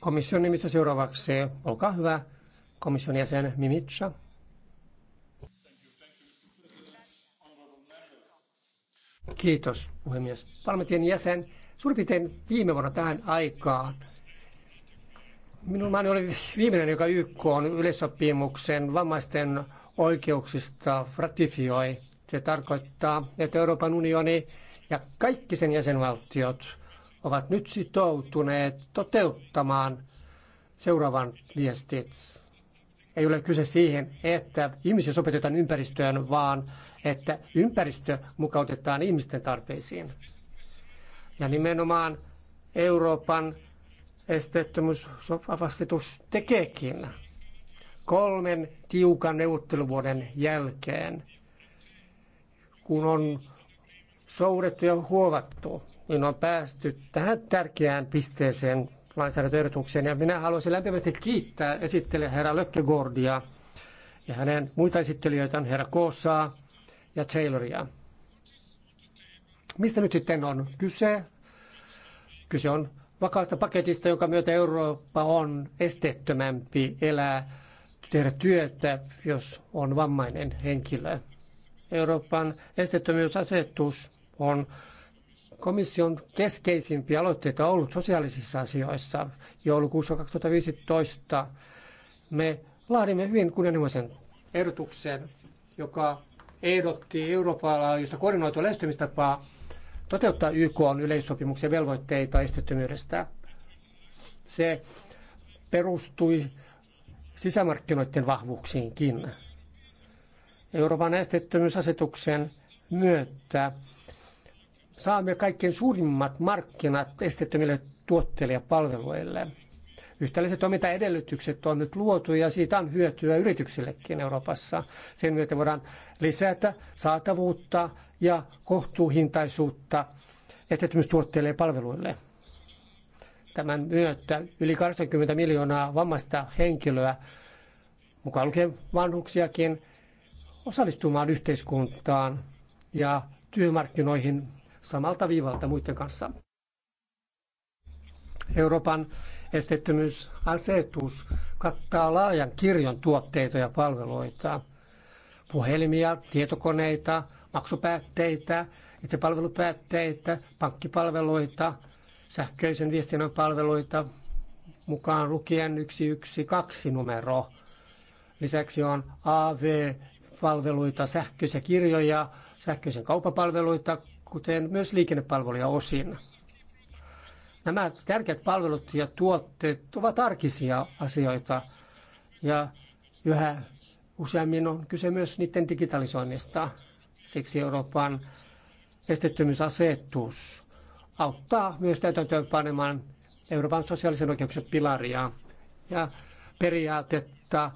Komission nimissä seuraavaksi, olkaa hyvä, komission jäsen Mimitsa. Kiitos, puhemies. Parlamentin jäsen, suurin piirtein viime vuonna tähän aikaan. Minun maani oli viimeinen, joka YK on yleissopimuksen vammaisten oikeuksista ratifioi. Se tarkoittaa, että Euroopan unioni ja kaikki sen jäsenvaltiot – ovat nyt sitoutuneet toteuttamaan seuraavan viestit. Ei ole kyse siihen, että ihmisiä sopetetaan ympäristöön, vaan että ympäristö mukautetaan ihmisten tarpeisiin. Ja nimenomaan Euroopan esteettömyysvastitus tekeekin kolmen tiukan neuvotteluvuoden jälkeen, kun on soudettu ja huovattu niin on päästy tähän tärkeään pisteeseen lainsäädäntöehdotukseen. Ja minä haluaisin lämpimästi kiittää esittelijä herra Lökkegordia ja hänen muita esittelijöitään, herra Koosaa ja Tayloria. Mistä nyt sitten on kyse? Kyse on vakaasta paketista, jonka myötä Eurooppa on esteettömämpi elää, tehdä työtä, jos on vammainen henkilö. Euroopan esteettömyysasetus on komission keskeisimpiä aloitteita on ollut sosiaalisissa asioissa. Joulukuussa 2015 me laadimme hyvin kunnianhimoisen ehdotuksen, joka ehdotti Euroopan laajuista koordinoitua lähestymistapaa toteuttaa YK on yleissopimuksen velvoitteita estettömyydestä. Se perustui sisämarkkinoiden vahvuuksiinkin. Euroopan esteettömyysasetuksen myötä saamme kaikkein suurimmat markkinat esteettömille tuotteille ja palveluille. Yhtäläiset toimintaedellytykset on nyt luotu ja siitä on hyötyä yrityksillekin Euroopassa. Sen myötä voidaan lisätä saatavuutta ja kohtuuhintaisuutta esteettömyystuotteille ja palveluille. Tämän myötä yli 80 miljoonaa vammaista henkilöä, mukaan lukien vanhuksiakin, osallistumaan yhteiskuntaan ja työmarkkinoihin samalta viivalta muiden kanssa. Euroopan esteettömyysasetus kattaa laajan kirjon tuotteita ja palveluita. Puhelimia, tietokoneita, maksupäätteitä, itsepalvelupäätteitä, pankkipalveluita, sähköisen viestinnän palveluita, mukaan lukien 112 numero. Lisäksi on AV-palveluita, sähköisiä kirjoja, sähköisen kaupapalveluita, kuten myös liikennepalveluja osin. Nämä tärkeät palvelut ja tuotteet ovat arkisia asioita ja yhä useammin on kyse myös niiden digitalisoinnista. Siksi Euroopan estettömyysasetus auttaa myös täytäntöön panemaan Euroopan sosiaalisen oikeuksien pilaria ja periaatetta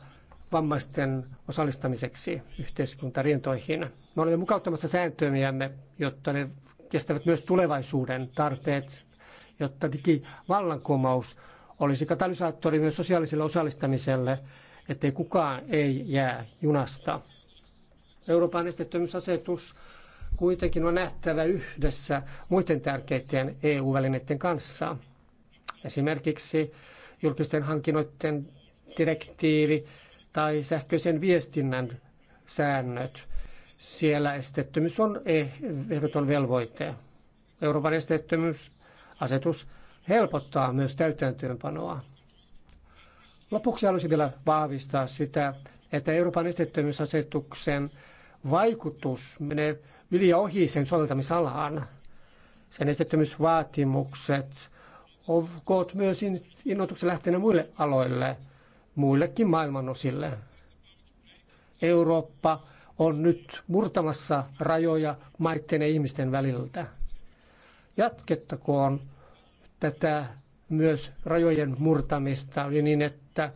vammaisten osallistamiseksi yhteiskuntarintoihin. Me olemme mukauttamassa sääntöjämme, jotta ne kestävät myös tulevaisuuden tarpeet, jotta digivallankumous olisi katalysaattori myös sosiaaliselle osallistamiselle, ettei kukaan ei jää junasta. Euroopan esteettömyysasetus kuitenkin on nähtävä yhdessä muiden tärkeiden EU-välineiden kanssa. Esimerkiksi julkisten hankinnoiden direktiivi, tai sähköisen viestinnän säännöt. Siellä esteettömyys on e, ehdoton velvoite. Euroopan esteettömyysasetus helpottaa myös täytäntöönpanoa. Lopuksi haluaisin vielä vahvistaa sitä, että Euroopan esteettömyysasetuksen vaikutus menee yli ja ohi sen soveltamisalaan. Sen esteettömyysvaatimukset ovat myös innoituksen lähteenä muille aloille – muillekin maailmanosille. Eurooppa on nyt murtamassa rajoja maitten ja ihmisten väliltä. Jatkettakoon tätä myös rajojen murtamista niin, että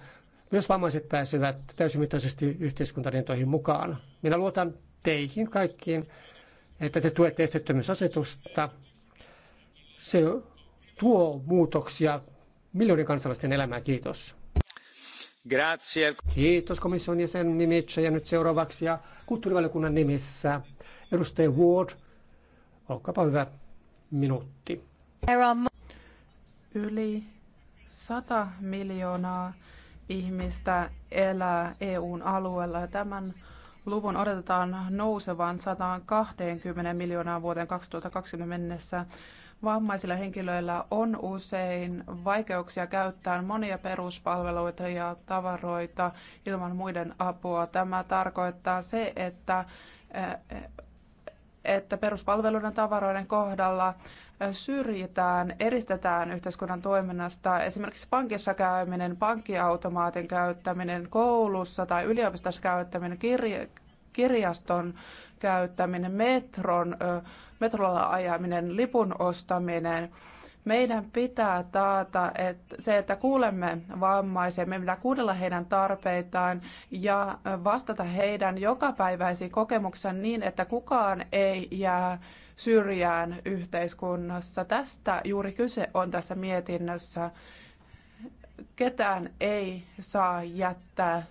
myös vammaiset pääsevät täysimittaisesti yhteiskuntarintoihin mukaan. Minä luotan teihin kaikkiin, että te tuette esteettömyysasetusta. Se tuo muutoksia miljoonien kansalaisten elämään. Kiitos. Grazie. Kiitos komission jäsen Mimitsa ja nyt seuraavaksi ja kulttuurivaliokunnan nimissä edustaja Ward. Olkaapa hyvä minuutti. Yli 100 miljoonaa ihmistä elää EUn alueella ja tämän luvun odotetaan nousevan 120 miljoonaa vuoteen 2020 mennessä. Vammaisilla henkilöillä on usein vaikeuksia käyttää monia peruspalveluita ja tavaroita ilman muiden apua. Tämä tarkoittaa se, että että peruspalveluiden tavaroiden kohdalla syrjitään, eristetään yhteiskunnan toiminnasta. Esimerkiksi pankissa käyminen, pankkiautomaatin käyttäminen, koulussa tai yliopistossa käyttäminen, kirje, kirjaston käyttäminen, metron, metrolla ajaminen, lipun ostaminen. Meidän pitää taata että se, että kuulemme vammaisia, me pitää kuunnella heidän tarpeitaan ja vastata heidän jokapäiväisiin kokemuksen niin, että kukaan ei jää syrjään yhteiskunnassa. Tästä juuri kyse on tässä mietinnössä. Ketään ei saa jättää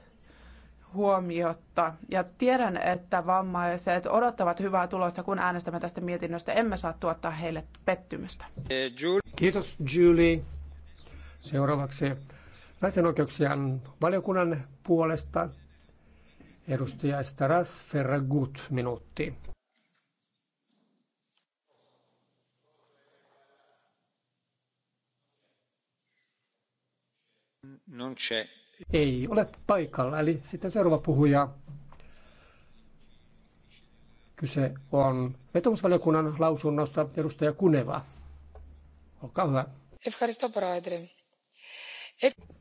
huomiotta. Ja tiedän, että vammaiset odottavat hyvää tulosta, kun äänestämme tästä mietinnöstä. Emme saa tuottaa heille pettymystä. Kiitos Julie. Seuraavaksi naisen oikeuksien valiokunnan puolesta edustaja Staras Ferragut minuutti. Non c'è ei ole paikalla. Eli sitten seuraava puhuja. Kyse on vetomusvaliokunnan lausunnosta edustaja Kuneva. Olkaa hyvä.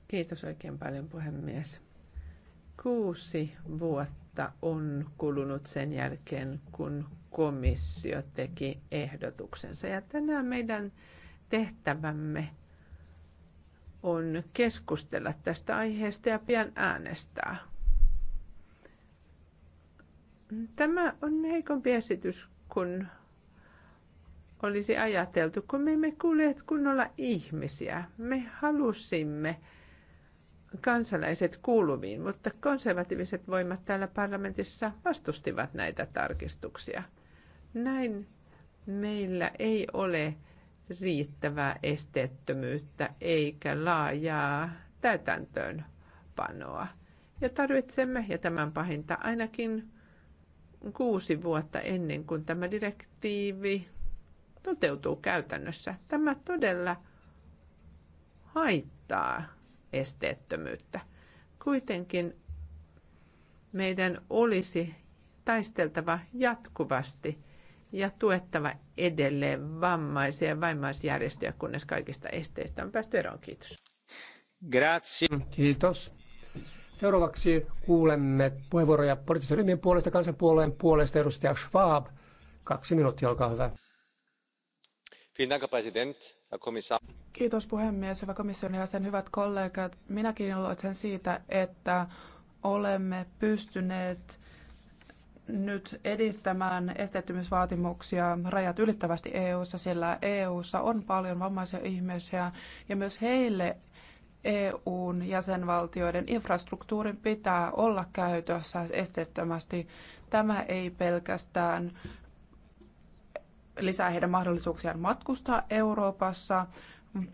Kiitos oikein paljon puhemies. Kuusi vuotta on kulunut sen jälkeen, kun komissio teki ehdotuksensa. Ja tänään meidän tehtävämme on keskustella tästä aiheesta ja pian äänestää. Tämä on heikompi esitys kuin olisi ajateltu, kun me emme kuljeet kunnolla ihmisiä. Me halusimme kansalaiset kuuluviin, mutta konservatiiviset voimat täällä parlamentissa vastustivat näitä tarkistuksia. Näin meillä ei ole riittävää esteettömyyttä eikä laajaa täytäntöönpanoa. Ja tarvitsemme, ja tämän pahinta ainakin kuusi vuotta ennen kuin tämä direktiivi toteutuu käytännössä. Tämä todella haittaa esteettömyyttä. Kuitenkin meidän olisi taisteltava jatkuvasti ja tuettava edelleen vammaisia ja vammaisjärjestöjä, kunnes kaikista esteistä on päästy eroon. Kiitos. Grazie. Kiitos. Seuraavaksi kuulemme puheenvuoroja poliittisten ryhmien puolesta, kansanpuolueen puolesta. Edustaja Schwab, kaksi minuuttia, olkaa hyvä. Kiitos puhemies, hyvä komission jäsen, hyvät kollegat. Minäkin iloitsen siitä, että olemme pystyneet nyt edistämään esteettömyysvaatimuksia rajat ylittävästi EU:ssa, sillä EU:ssa on paljon vammaisia ihmisiä ja myös heille EUn jäsenvaltioiden infrastruktuurin pitää olla käytössä esteettömästi. Tämä ei pelkästään lisää heidän mahdollisuuksiaan matkustaa Euroopassa,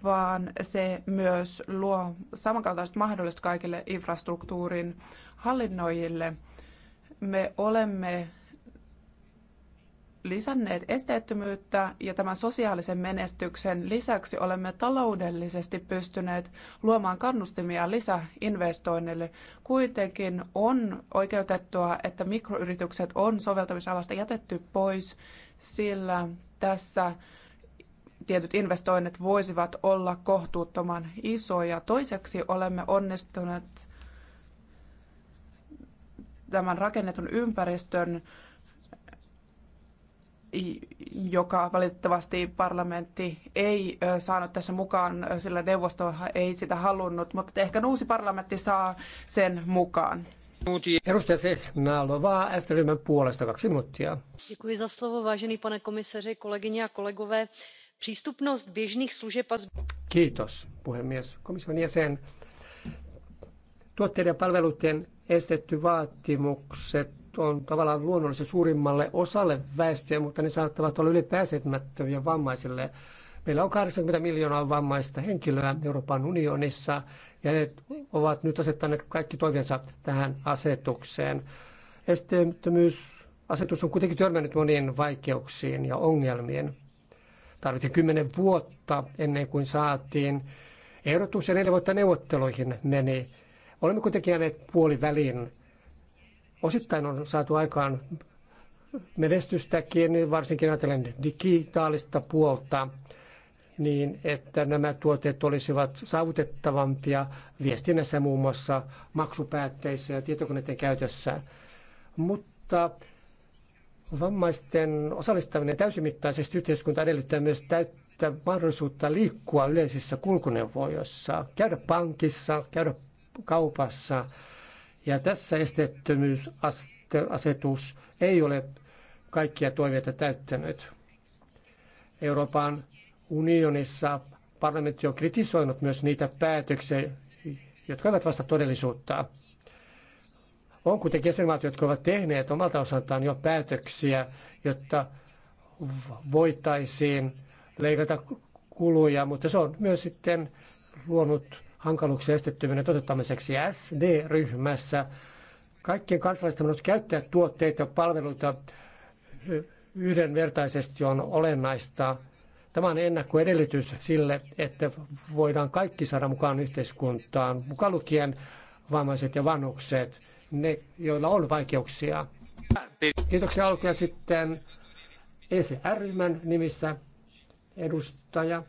vaan se myös luo samankaltaiset mahdollisuudet kaikille infrastruktuurin hallinnoijille – me olemme lisänneet esteettömyyttä ja tämän sosiaalisen menestyksen lisäksi olemme taloudellisesti pystyneet luomaan kannustimia lisäinvestoinneille. Kuitenkin on oikeutettua, että mikroyritykset on soveltamisalasta jätetty pois, sillä tässä tietyt investoinnit voisivat olla kohtuuttoman isoja. Toiseksi olemme onnistuneet tämän rakennetun ympäristön, joka valitettavasti parlamentti ei saanut tässä mukaan, sillä neuvosto ei sitä halunnut, mutta ehkä uusi parlamentti saa sen mukaan. Edustaja Sehnalova, S-ryhmän puolesta kaksi minuuttia. Děkuji za slovo, vážený pane komisaři, kolegyně a kolegové. Přístupnost běžných služeb a... Kiitos, puhemies, komission jäsen. Tuotteiden ja palveluiden estetty vaatimukset on tavallaan luonnollisesti suurimmalle osalle väestöä, mutta ne saattavat olla ylipääsemättömiä vammaisille. Meillä on 80 miljoonaa vammaista henkilöä Euroopan unionissa ja he ovat nyt asettaneet kaikki toiveensa tähän asetukseen. Esteettömyysasetus on kuitenkin törmännyt moniin vaikeuksiin ja ongelmiin. Tarvittiin kymmenen vuotta ennen kuin saatiin ehdotus ja neljä vuotta neuvotteluihin meni Olemme kuitenkin jääneet puoliväliin. Osittain on saatu aikaan menestystäkin, varsinkin ajatellen digitaalista puolta, niin että nämä tuotteet olisivat saavutettavampia viestinnässä muun muassa maksupäätteissä ja tietokoneiden käytössä. Mutta vammaisten osallistaminen täysimittaisesti yhteiskunta edellyttää myös täyttä mahdollisuutta liikkua yleisissä kulkuneuvoissa, käydä pankissa, käydä kaupassa. Ja tässä esteettömyysasetus ei ole kaikkia toiveita täyttänyt. Euroopan unionissa parlamentti on kritisoinut myös niitä päätöksiä, jotka ovat vasta todellisuutta. On kuitenkin jäsenmaat, jotka ovat tehneet omalta osaltaan jo päätöksiä, jotta voitaisiin leikata kuluja, mutta se on myös sitten luonut hankaluuksia estettyminen toteuttamiseksi SD-ryhmässä. Kaikkien kansalaisten on käyttää tuotteita ja palveluita yhdenvertaisesti on olennaista. Tämä on ennakkoedellytys sille, että voidaan kaikki saada mukaan yhteiskuntaan, mukaan lukien vammaiset ja vanhukset, ne joilla on vaikeuksia. Kiitoksia alkuja sitten ECR-ryhmän nimissä edustaja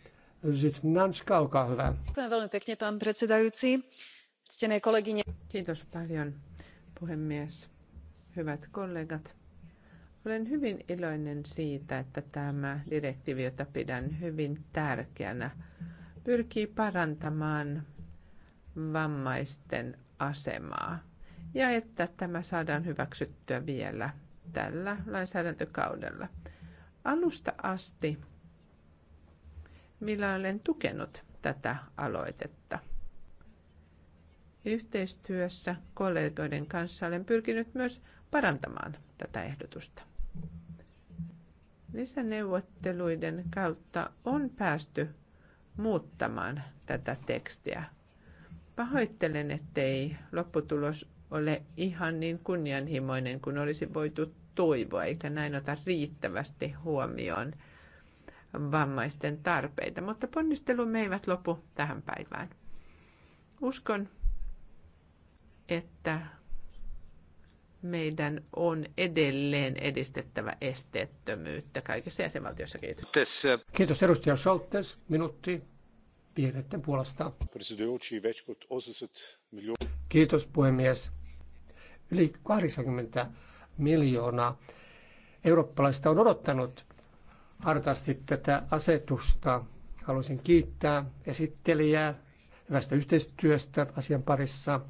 Zytnanska, olkaa Kiitos paljon, puhemies. Hyvät kollegat, olen hyvin iloinen siitä, että tämä direktiivi, jota pidän hyvin tärkeänä, pyrkii parantamaan vammaisten asemaa ja että tämä saadaan hyväksyttyä vielä tällä lainsäädäntökaudella. Alusta asti millä olen tukenut tätä aloitetta. Yhteistyössä kollegoiden kanssa olen pyrkinyt myös parantamaan tätä ehdotusta. Lisäneuvotteluiden kautta on päästy muuttamaan tätä tekstiä. Pahoittelen, ettei lopputulos ole ihan niin kunnianhimoinen kuin olisi voitu toivoa, eikä näin ota riittävästi huomioon – vammaisten tarpeita, mutta ponnistelumme eivät lopu tähän päivään. Uskon, että meidän on edelleen edistettävä esteettömyyttä kaikissa jäsenvaltioissa. Kiitos. Kiitos edustaja Scholtes. Minuutti vihreiden puolesta. Kiitos puhemies. Yli 80 miljoonaa eurooppalaista on odottanut hartaasti tätä asetusta. Haluaisin kiittää esittelijää hyvästä yhteistyöstä asian parissa.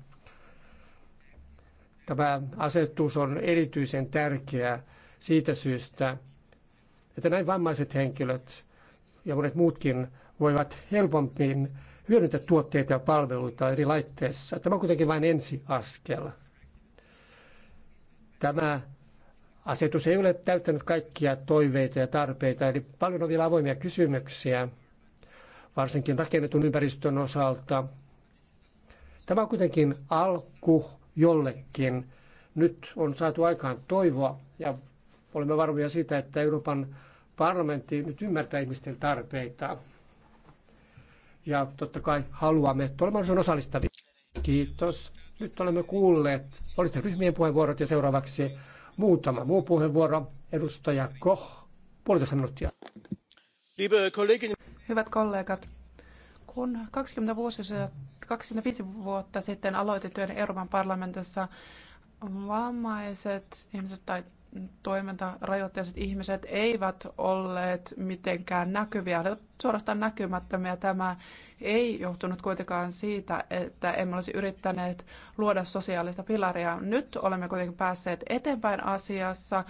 Tämä asetus on erityisen tärkeä siitä syystä, että näin vammaiset henkilöt ja monet muutkin voivat helpommin hyödyntää tuotteita ja palveluita eri laitteissa. Tämä on kuitenkin vain ensiaskel. Tämä asetus ei ole täyttänyt kaikkia toiveita ja tarpeita, eli paljon on vielä avoimia kysymyksiä, varsinkin rakennetun ympäristön osalta. Tämä on kuitenkin alku jollekin. Nyt on saatu aikaan toivoa ja olemme varmoja siitä, että Euroopan parlamentti nyt ymmärtää ihmisten tarpeita. Ja totta kai haluamme, että olemme osallistavia. Kiitos. Nyt olemme kuulleet, olitte ryhmien puheenvuorot ja seuraavaksi Muutama muu puheenvuoro. Edustaja Koch, puolitoista minuuttia. Hyvät kollegat, kun 20 vuosi, 25 vuotta sitten aloitin työn Euroopan parlamentissa, vammaiset ihmiset tai toimintarajoitteiset ihmiset eivät olleet mitenkään näkyviä, olivat suorastaan näkymättömiä. Tämä ei johtunut kuitenkaan siitä, että emme olisi yrittäneet luoda sosiaalista pilaria. Nyt olemme kuitenkin päässeet eteenpäin asiassa.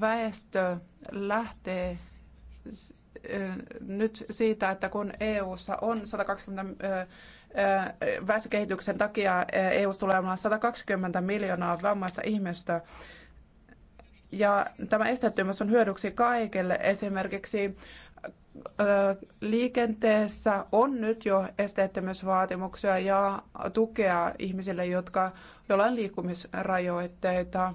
Väestö lähtee nyt siitä, että kun EU:ssa on 120 väestökehityksen takia EU tulee olemaan 120 miljoonaa vammaista ihmistä. Ja tämä esteettömyys on hyödyksi kaikille. Esimerkiksi liikenteessä on nyt jo esteettömyysvaatimuksia ja tukea ihmisille, jotka, joilla on liikkumisrajoitteita.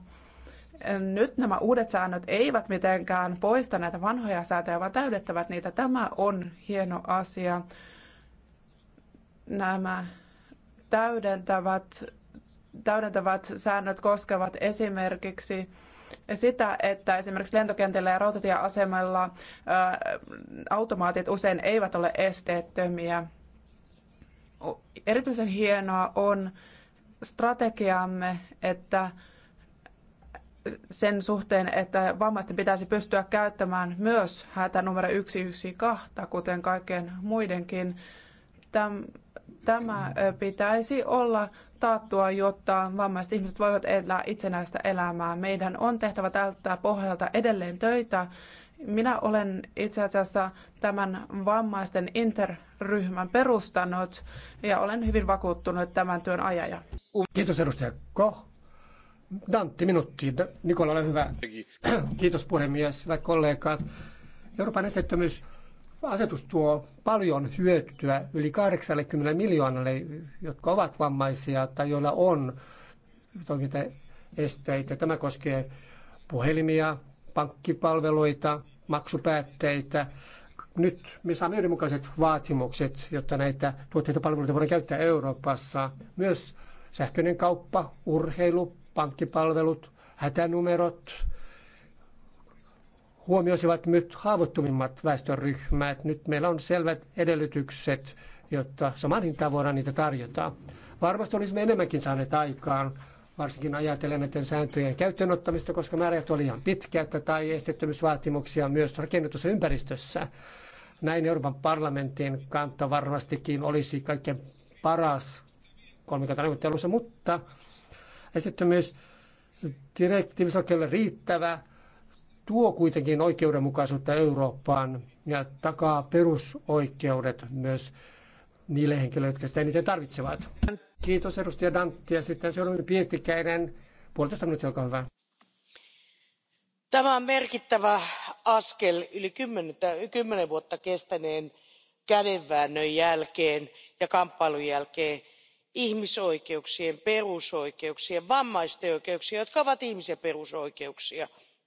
Nyt nämä uudet säännöt eivät mitenkään poista näitä vanhoja sääntöjä, vaan täydettävät niitä. Tämä on hieno asia. Nämä täydentävät, täydentävät säännöt koskevat esimerkiksi sitä, että esimerkiksi lentokentillä ja rautatieasemalla automaatit usein eivät ole esteettömiä. Erityisen hienoa on strategiamme, että sen suhteen, että vammaisten pitäisi pystyä käyttämään myös hätä numero 112, kuten kaikkien muidenkin. Tämä Tämä pitäisi olla taattua, jotta vammaiset ihmiset voivat elää itsenäistä elämää. Meidän on tehtävä tältä pohjalta edelleen töitä. Minä olen itse asiassa tämän vammaisten interryhmän perustanut ja olen hyvin vakuuttunut tämän työn ajaja. Kiitos edustaja Koh. Dantti, minuutti. Nikola, ole hyvä. Kiitos puhemies, hyvät kollegat. Euroopan esteettömyys Asetus tuo paljon hyötyä yli 80 miljoonalle, jotka ovat vammaisia tai joilla on toimintaesteitä. Tämä koskee puhelimia, pankkipalveluita, maksupäätteitä. Nyt me saamme yhdenmukaiset vaatimukset, jotta näitä tuotteita ja palveluita voidaan käyttää Euroopassa. Myös sähköinen kauppa, urheilu, pankkipalvelut, hätänumerot, huomioisivat nyt haavoittuvimmat väestöryhmät. Nyt meillä on selvät edellytykset, jotta saman hintaan voidaan niitä tarjota. Varmasti olisimme enemmänkin saaneet aikaan, varsinkin ajatellen näiden sääntöjen käyttöönottamista, koska määrät oli ihan pitkät tai esteettömyysvaatimuksia myös rakennetussa ympäristössä. Näin Euroopan parlamentin kanta varmastikin olisi kaikkein paras kolmikantaneuvottelussa, mutta esteettömyys direktiivi on riittävä tuo kuitenkin oikeudenmukaisuutta Eurooppaan ja takaa perusoikeudet myös niille henkilöille, jotka sitä eniten tarvitsevat. Kiitos edustaja Dantti ja sitten seuraavaksi Pietikäinen. Puolitoista minuuttia, olkaa hyvä. Tämä on merkittävä askel yli kymmenen vuotta kestäneen kädenväännön jälkeen ja kamppailun jälkeen ihmisoikeuksien perusoikeuksien vammaisten oikeuksien jotka ovat ihmisen perusoikeuksia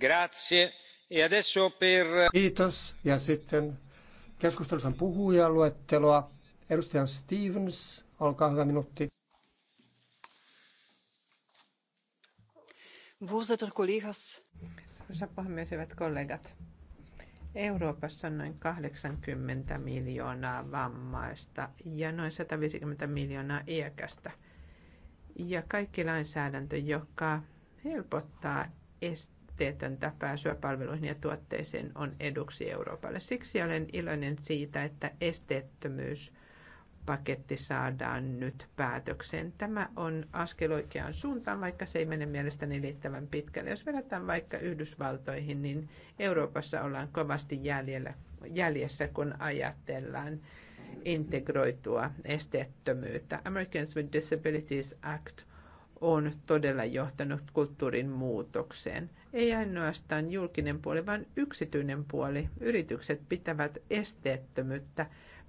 E Kiitos. Ja sitten keskustelussa on puhujaluetteloa. Edustaja Stevens, olkaa hyvä minuutti. Arvoisa puhemies, hyvät kollegat. Euroopassa on noin 80 miljoonaa vammaista ja noin 150 miljoonaa iäkästä. Ja kaikki lainsäädäntö, joka helpottaa, estää esteetöntä pääsyä palveluihin ja tuotteisiin on eduksi Euroopalle. Siksi olen iloinen siitä, että esteettömyys paketti saadaan nyt päätökseen. Tämä on askel oikeaan suuntaan, vaikka se ei mene mielestäni liittävän pitkälle. Jos verrataan vaikka Yhdysvaltoihin, niin Euroopassa ollaan kovasti jäljellä, jäljessä, kun ajatellaan integroitua esteettömyyttä. Americans with Disabilities Act on todella johtanut kulttuurin muutokseen ei ainoastaan julkinen puoli, vaan yksityinen puoli. Yritykset pitävät esteettömyyttä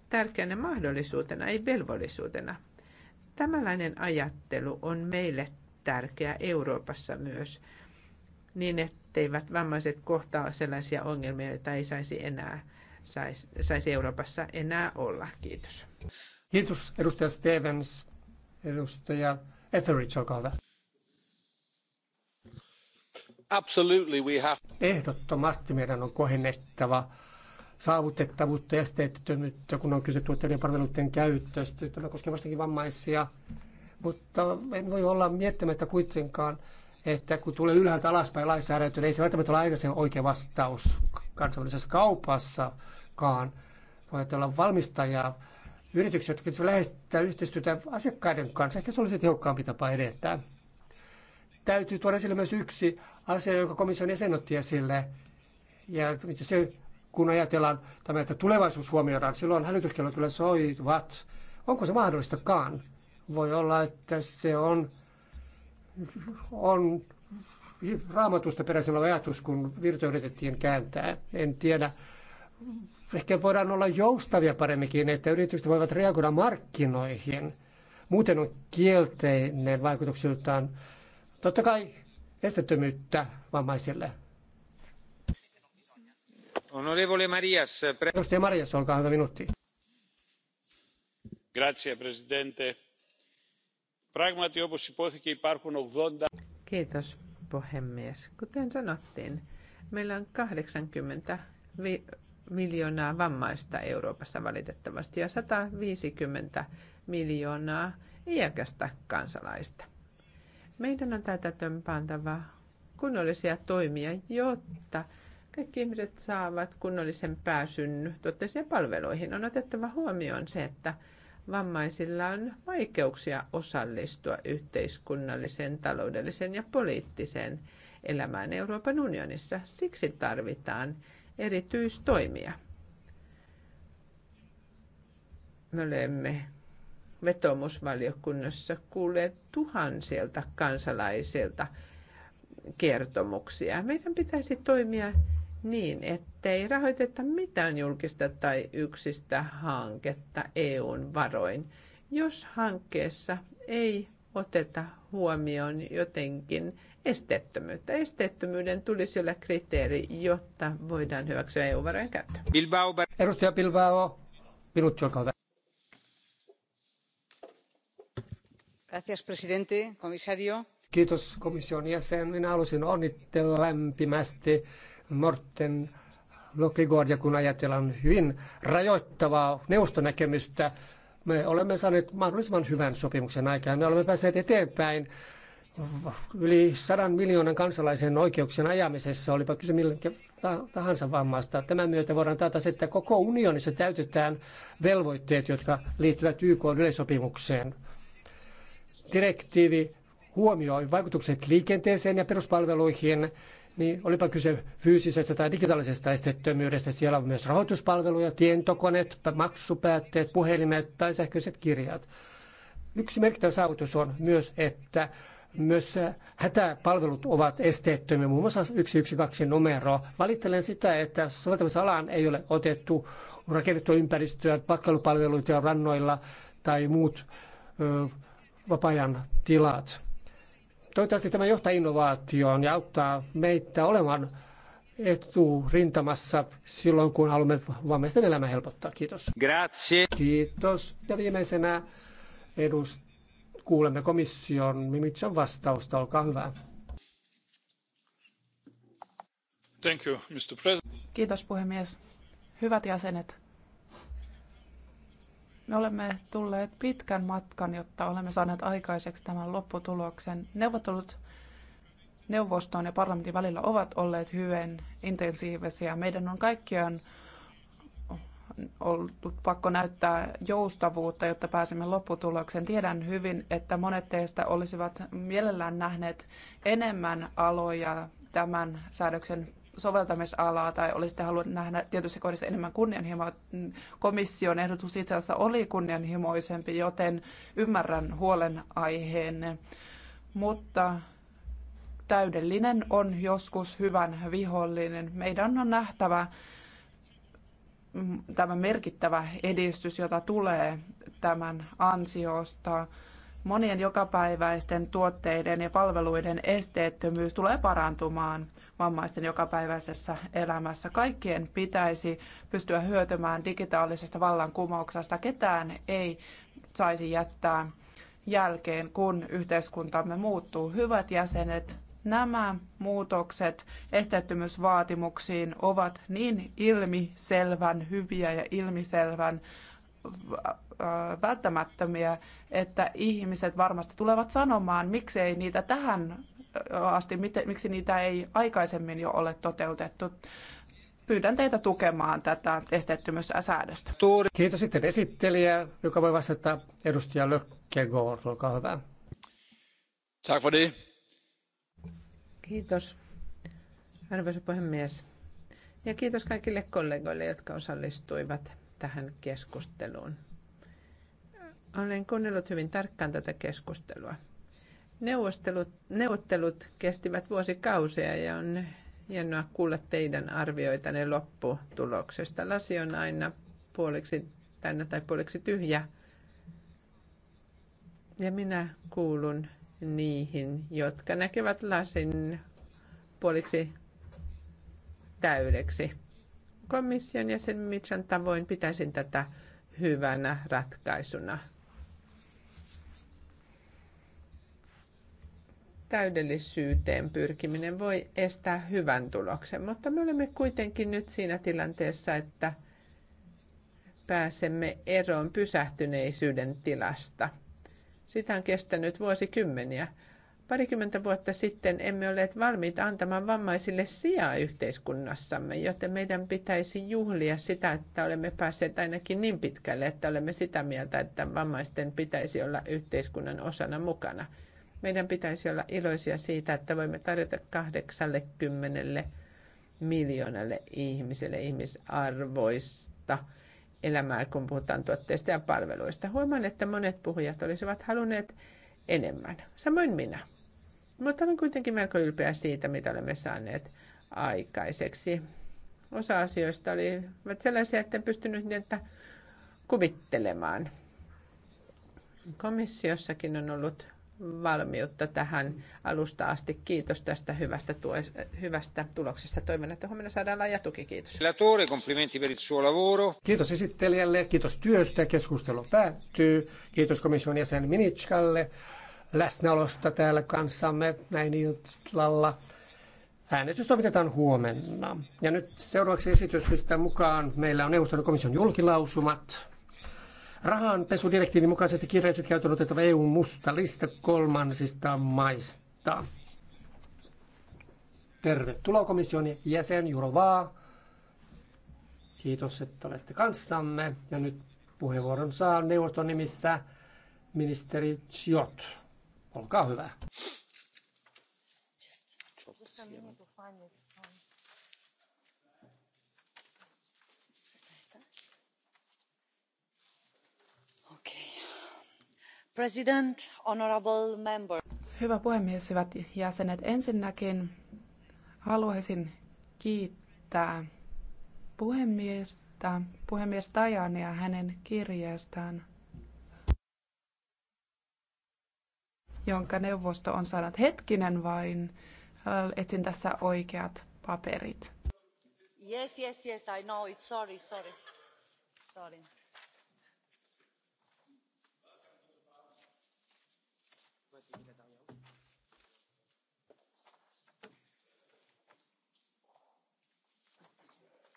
tärkeänä mahdollisuutena, ei velvollisuutena. Tämänlainen ajattelu on meille tärkeä Euroopassa myös, niin etteivät vammaiset kohtaa sellaisia ongelmia, joita ei saisi enää saisi, saisi Euroopassa enää olla. Kiitos. Kiitos edustaja Stevens, edustaja Etheridge, olkaa hyvä. Ehdottomasti meidän on kohennettava saavutettavuutta ja esteettömyyttä, kun on kyse tuotteiden palveluiden käyttöstä. Tämä koskee varsinkin vammaisia, mutta en voi olla miettimättä kuitenkaan, että kun tulee ylhäältä alaspäin lainsäädäntö, niin ei se välttämättä ole aina se oikea vastaus kansainvälisessä kaupassakaan. Voi olla valmistajaa, yrityksiä, jotka lähettää yhteistyötä asiakkaiden kanssa. Ehkä se olisi tehokkaampi tapa edetä. Täytyy tuoda esille myös yksi asia, jonka komission jäsen otti esille. Ja se, kun ajatellaan tämä, että tulevaisuus huomioidaan, silloin hälytyskellot kyllä soivat. Onko se mahdollistakaan? Voi olla, että se on, on raamatusta peräisin oleva ajatus, kun virta yritettiin kääntää. En tiedä. Ehkä voidaan olla joustavia paremminkin, että yritykset voivat reagoida markkinoihin. Muuten on kielteinen vaikutuksiltaan. Totta kai estettömyyttä vammaisille. Onorevole Marias. Pre- Edustaja Marias, olkaa hyvä minuutti. Grazie, presidente. Pragmati, opus υπόθηκε, υπάρχουν 80... Kiitos, puhemies. Kuten sanottiin, meillä on 80 vi- miljoonaa vammaista Euroopassa valitettavasti ja 150 miljoonaa iäkästä kansalaista. Meidän on tätä tömpääntävä kunnollisia toimia, jotta kaikki ihmiset saavat kunnollisen pääsyn tuotteisiin palveluihin. On otettava huomioon se, että vammaisilla on vaikeuksia osallistua yhteiskunnalliseen, taloudelliseen ja poliittiseen elämään Euroopan unionissa. Siksi tarvitaan erityistoimia. Me olemme vetomusvaliokunnassa kuulleet tuhansilta kansalaisilta kertomuksia. Meidän pitäisi toimia niin, ettei rahoiteta mitään julkista tai yksistä hanketta EUn varoin, jos hankkeessa ei oteta huomioon jotenkin esteettömyyttä. Esteettömyyden tulisi olla kriteeri, jotta voidaan hyväksyä EU-varojen käyttö. Bilbao. Edustaja Bilbao, minuutti olkaa hyvä. Kiitos komission jäsen. Minä haluaisin onnitella lämpimästi Morten lkkegaardia kun ajatellaan hyvin rajoittavaa neuvostonäkemystä. Me olemme saaneet mahdollisimman hyvän sopimuksen aikaan. Me olemme päässeet eteenpäin yli sadan miljoonan kansalaisen oikeuksien ajamisessa, olipa kyse millenkä tahansa vammasta. Tämän myötä voidaan taata se, että koko unionissa täytetään velvoitteet, jotka liittyvät YK yleisopimukseen – direktiivi huomioi vaikutukset liikenteeseen ja peruspalveluihin, niin olipa kyse fyysisestä tai digitaalisesta esteettömyydestä. Siellä on myös rahoituspalveluja, tietokoneet, maksupäätteet, puhelimet tai sähköiset kirjat. Yksi merkittävä saavutus on myös, että myös hätäpalvelut ovat esteettömiä, muun muassa 112 numero. Valittelen sitä, että soveltamisalaan ei ole otettu rakennettua ympäristöä, matkailupalveluita rannoilla tai muut ö, vapaa-ajan tilat. Toivottavasti tämä johtaa innovaatioon ja auttaa meitä olemaan rintamassa silloin, kun haluamme vammaisten elämää helpottaa. Kiitos. Grazie. Kiitos. Ja viimeisenä edus kuulemme komission Mimitsan vastausta. Olkaa hyvä. Thank you, Mr. President. Kiitos puhemies. Hyvät jäsenet, me olemme tulleet pitkän matkan, jotta olemme saaneet aikaiseksi tämän lopputuloksen. Neuvottelut neuvoston ja parlamentin välillä ovat olleet hyvin intensiivisiä. Meidän on kaikkiaan ollut pakko näyttää joustavuutta, jotta pääsemme lopputulokseen. Tiedän hyvin, että monet teistä olisivat mielellään nähneet enemmän aloja tämän säädöksen soveltamisalaa tai olisitte halunneet nähdä tietyissä kohdissa enemmän kunnianhimoa. Mm, komission ehdotus itse asiassa oli kunnianhimoisempi, joten ymmärrän huolen aiheenne. Mutta täydellinen on joskus hyvän vihollinen. Meidän on nähtävä mm, tämä merkittävä edistys, jota tulee tämän ansiosta. Monien jokapäiväisten tuotteiden ja palveluiden esteettömyys tulee parantumaan vammaisten jokapäiväisessä elämässä. Kaikkien pitäisi pystyä hyötymään digitaalisesta vallankumouksesta. Ketään ei saisi jättää jälkeen, kun yhteiskuntamme muuttuu. Hyvät jäsenet, nämä muutokset esteettömyysvaatimuksiin ovat niin ilmiselvän hyviä ja ilmiselvän äh, äh, välttämättömiä, että ihmiset varmasti tulevat sanomaan, miksei niitä tähän asti, miten, miksi niitä ei aikaisemmin jo ole toteutettu. Pyydän teitä tukemaan tätä esteettömyyssäädöstä. Kiitos sitten esittelijä, joka voi vastata edustaja Lökkegoor. Olkaa hyvä. Tack för det. Kiitos, arvoisa puhemies. Ja kiitos kaikille kollegoille, jotka osallistuivat tähän keskusteluun. Olen kuunnellut hyvin tarkkaan tätä keskustelua. Neuvostelut, neuvottelut kestivät vuosikausia ja on hienoa kuulla teidän arvioitanne lopputuloksesta. Lasi on aina puoliksi täynnä tai puoliksi tyhjä. Ja minä kuulun niihin, jotka näkevät lasin puoliksi täydeksi. Komission jäsen Mitchan tavoin pitäisin tätä hyvänä ratkaisuna. täydellisyyteen pyrkiminen voi estää hyvän tuloksen, mutta me olemme kuitenkin nyt siinä tilanteessa, että pääsemme eroon pysähtyneisyyden tilasta. Sitä on kestänyt vuosikymmeniä. Parikymmentä vuotta sitten emme olleet valmiita antamaan vammaisille sijaa yhteiskunnassamme, joten meidän pitäisi juhlia sitä, että olemme päässeet ainakin niin pitkälle, että olemme sitä mieltä, että vammaisten pitäisi olla yhteiskunnan osana mukana – meidän pitäisi olla iloisia siitä, että voimme tarjota 80 miljoonalle ihmiselle ihmisarvoista elämää, kun puhutaan tuotteista ja palveluista. Huomaan, että monet puhujat olisivat halunneet enemmän, samoin minä. Mutta olen kuitenkin melko ylpeä siitä, mitä olemme saaneet aikaiseksi. Osa asioista oli sellaisia, että en pystynyt niitä kuvittelemaan. Komissiossakin on ollut valmiutta tähän alusta asti. Kiitos tästä hyvästä, tue, hyvästä tuloksesta. Toivon, että huomenna saadaan laaja tuki. Kiitos. Kiitos esittelijälle, kiitos työstä. Keskustelu päättyy. Kiitos komission jäsen Minitskalle läsnäolosta täällä kanssamme näin illalla. Äänestys toimitetaan huomenna. Ja nyt seuraavaksi esityslistan mukaan meillä on neuvoston komission julkilausumat. Rahanpesudirektiivin mukaisesti kiireelliset käytön on otettava EUn musta lista kolmansista maista. Tervetuloa komission jäsen Jurovaa. Kiitos, että olette kanssamme. Ja nyt puheenvuoron saa neuvoston nimissä ministeri Chiot. Olkaa hyvä. President, Hyvä puhemies, hyvät jäsenet. Ensinnäkin haluaisin kiittää puhemiestä, puhemies Tajania hänen kirjeestään, jonka neuvosto on saanut hetkinen vain. Äh, etsin tässä oikeat paperit. Yes, yes, yes, I know it. Sorry, sorry. Sorry.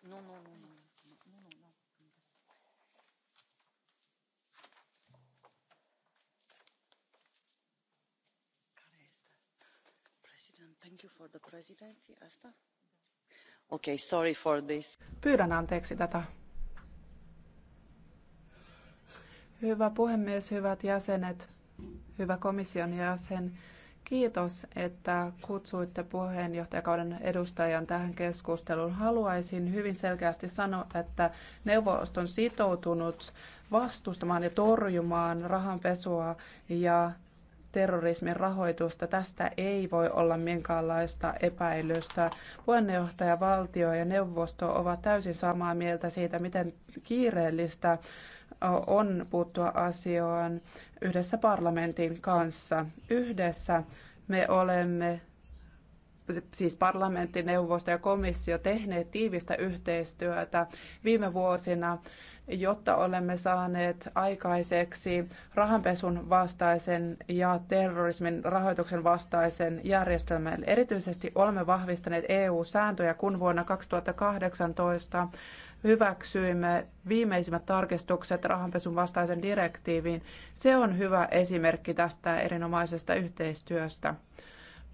Non, non, non, non, non, non, non, Okay, sorry for this. Pyydän anteeksi tätä. Hyvä puhemies, hyvät jäsenet, hyvä komission jäsen. Kiitos, että kutsuitte puheenjohtajakauden edustajan tähän keskusteluun. Haluaisin hyvin selkeästi sanoa, että neuvosto on sitoutunut vastustamaan ja torjumaan rahanpesua ja terrorismin rahoitusta. Tästä ei voi olla minkäänlaista epäilystä. Puheenjohtaja, valtio ja neuvosto ovat täysin samaa mieltä siitä, miten kiireellistä on puuttua asioon yhdessä parlamentin kanssa. Yhdessä me olemme, siis parlamentti, neuvosto ja komissio, tehneet tiivistä yhteistyötä viime vuosina, jotta olemme saaneet aikaiseksi rahanpesun vastaisen ja terrorismin rahoituksen vastaisen järjestelmän. Erityisesti olemme vahvistaneet EU-sääntöjä, kun vuonna 2018 hyväksyimme viimeisimmät tarkistukset rahanpesun vastaisen direktiiviin. Se on hyvä esimerkki tästä erinomaisesta yhteistyöstä.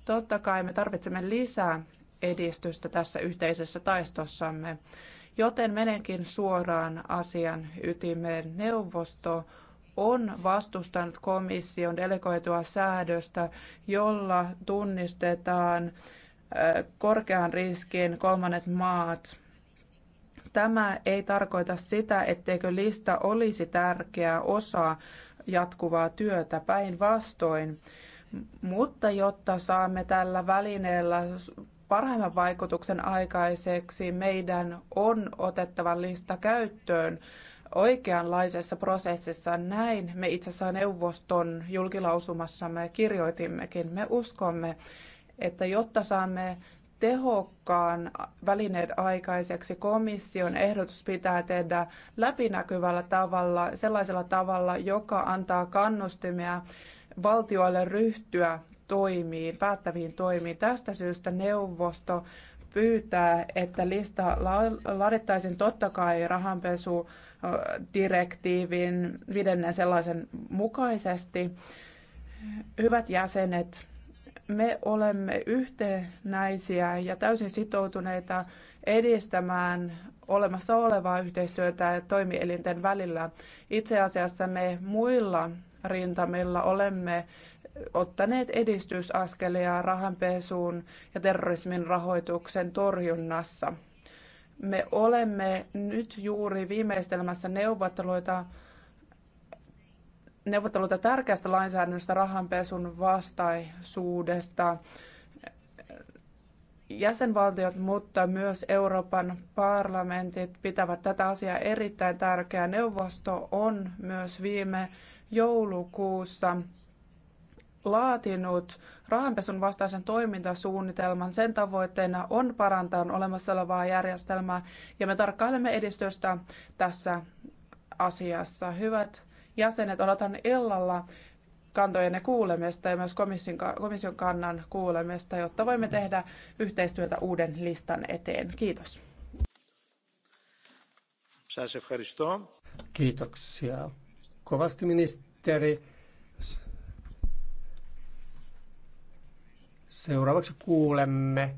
Totta kai me tarvitsemme lisää edistystä tässä yhteisessä taistossamme, joten menenkin suoraan asian ytimeen. Neuvosto on vastustanut komission delegoitua säädöstä, jolla tunnistetaan korkean riskin kolmannet maat – Tämä ei tarkoita sitä, etteikö lista olisi tärkeä osa jatkuvaa työtä päinvastoin. Mutta jotta saamme tällä välineellä parhaimman vaikutuksen aikaiseksi, meidän on otettava lista käyttöön oikeanlaisessa prosessissa. Näin me itse asiassa neuvoston julkilausumassamme kirjoitimmekin. Me uskomme, että jotta saamme tehokkaan välineen aikaiseksi. Komission ehdotus pitää tehdä läpinäkyvällä tavalla, sellaisella tavalla, joka antaa kannustimia valtioille ryhtyä toimiin, päättäviin toimiin. Tästä syystä neuvosto pyytää, että lista laadittaisiin totta kai rahanpesudirektiivin viidennen sellaisen mukaisesti. Hyvät jäsenet, me olemme yhtenäisiä ja täysin sitoutuneita edistämään olemassa olevaa yhteistyötä toimielinten välillä. Itse asiassa me muilla rintamilla olemme ottaneet edistysaskelia rahanpesuun ja terrorismin rahoituksen torjunnassa. Me olemme nyt juuri viimeistelmässä neuvotteluita neuvotteluita tärkeästä lainsäädännöstä rahanpesun vastaisuudesta. Jäsenvaltiot, mutta myös Euroopan parlamentit pitävät tätä asiaa erittäin tärkeää. Neuvosto on myös viime joulukuussa laatinut rahanpesun vastaisen toimintasuunnitelman. Sen tavoitteena on parantaa olemassa olevaa järjestelmää ja me tarkkailemme edistystä tässä asiassa. Hyvät jäsenet, odotan illalla kantojenne kuulemista ja myös komission, kannan kuulemista, jotta voimme tehdä yhteistyötä uuden listan eteen. Kiitos. Kiitoksia kovasti ministeri. Seuraavaksi kuulemme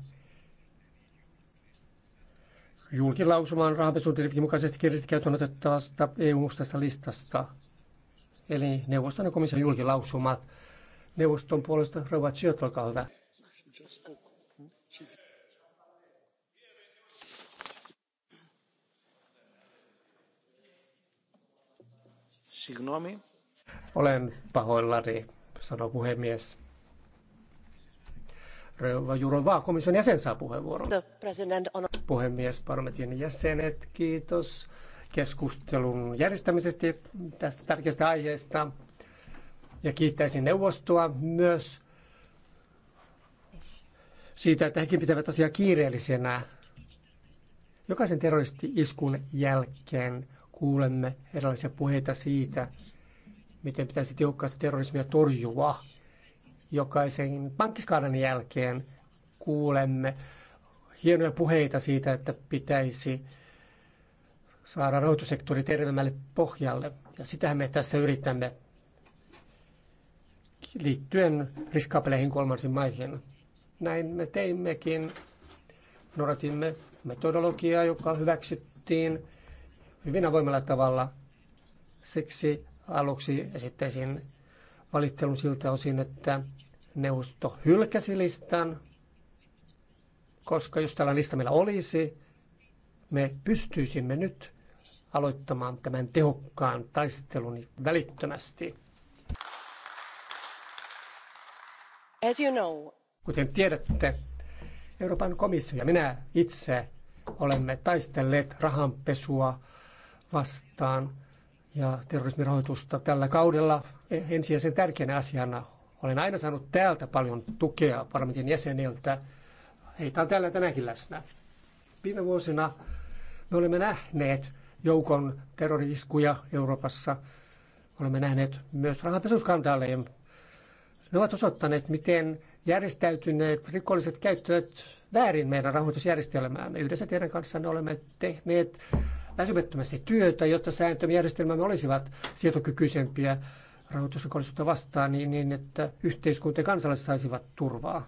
julkilausuman rahanpesudirektiivin mukaisesti kielisesti käyttöön otettavasta EU-mustasta listasta eli neuvoston ja komission julkilausumat. Neuvoston puolesta Rova Chiot, olkaa hyvä. Signomi. Olen pahoillani, sanoo puhemies. Reuva Jurova, komission jäsen saa puheenvuoron. Puhemies, parlamentin jäsenet, kiitos keskustelun järjestämisestä tästä tärkeästä aiheesta. Ja kiittäisin neuvostoa myös siitä, että hekin pitävät asiaa kiireellisenä. Jokaisen terroristi-iskun jälkeen kuulemme erilaisia puheita siitä, miten pitäisi tiukkaasti terrorismia torjua. Jokaisen pankkiskaadan jälkeen kuulemme hienoja puheita siitä, että pitäisi saada rahoitussektori terveemmälle pohjalle. Ja sitähän me tässä yritämme liittyen riskaapeleihin kolmansiin maihin. Näin me teimmekin. Noratimme metodologiaa, joka hyväksyttiin hyvin avoimella tavalla. Siksi aluksi esittäisin valittelun siltä osin, että neuvosto hylkäsi listan, koska jos tällainen lista meillä olisi, me pystyisimme nyt aloittamaan tämän tehokkaan taistelun välittömästi. As you know, Kuten tiedätte, Euroopan komissio ja minä itse olemme taistelleet rahanpesua vastaan ja terrorismirahoitusta tällä kaudella ensisijaisen tärkeänä asiana. Olen aina saanut täältä paljon tukea parlamentin jäseniltä. Heitä on täällä tänäkin läsnä. Viime vuosina me olemme nähneet, joukon terroriskuja Euroopassa. Olemme nähneet myös rahanpesuskandaaleja. Ne ovat osoittaneet, miten järjestäytyneet rikolliset käyttävät väärin meidän rahoitusjärjestelmäämme. Yhdessä teidän ne olemme tehneet väsymättömästi työtä, jotta sääntöjärjestelmämme olisivat sietokykyisempiä rahoitusrikollisuutta vastaan niin, niin, että yhteiskunta ja kansalaiset saisivat turvaa.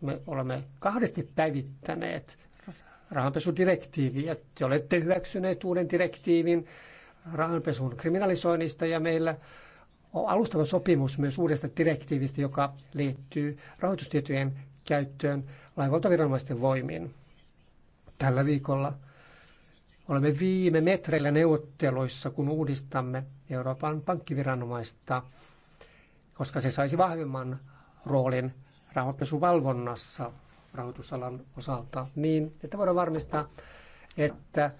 Me olemme kahdesti päivittäneet rahanpesudirektiivi. Ja te olette hyväksyneet uuden direktiivin rahanpesun kriminalisoinnista ja meillä on alustava sopimus myös uudesta direktiivistä, joka liittyy rahoitustietojen käyttöön laivaltaviranomaisten voimiin. Tällä viikolla olemme viime metreillä neuvotteluissa, kun uudistamme Euroopan pankkiviranomaista, koska se saisi vahvemman roolin rahoitusvalvonnassa rahoitusalan osalta niin, että voidaan varmistaa, että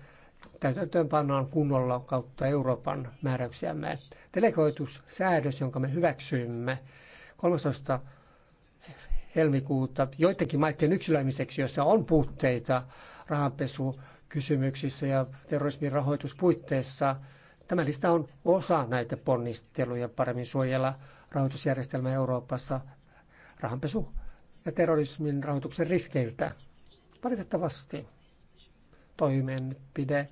täytäntöön pannaan kunnolla kautta Euroopan määräyksiämme. Delegoitussäädös, jonka me hyväksyimme 13. helmikuuta joidenkin maiden yksilöimiseksi, jossa on puutteita rahanpesu kysymyksissä ja terrorismin rahoituspuitteissa. Tämä lista on osa näitä ponnisteluja paremmin suojella rahoitusjärjestelmää Euroopassa rahanpesu ja terrorismin rahoituksen riskeiltä. Valitettavasti toimenpide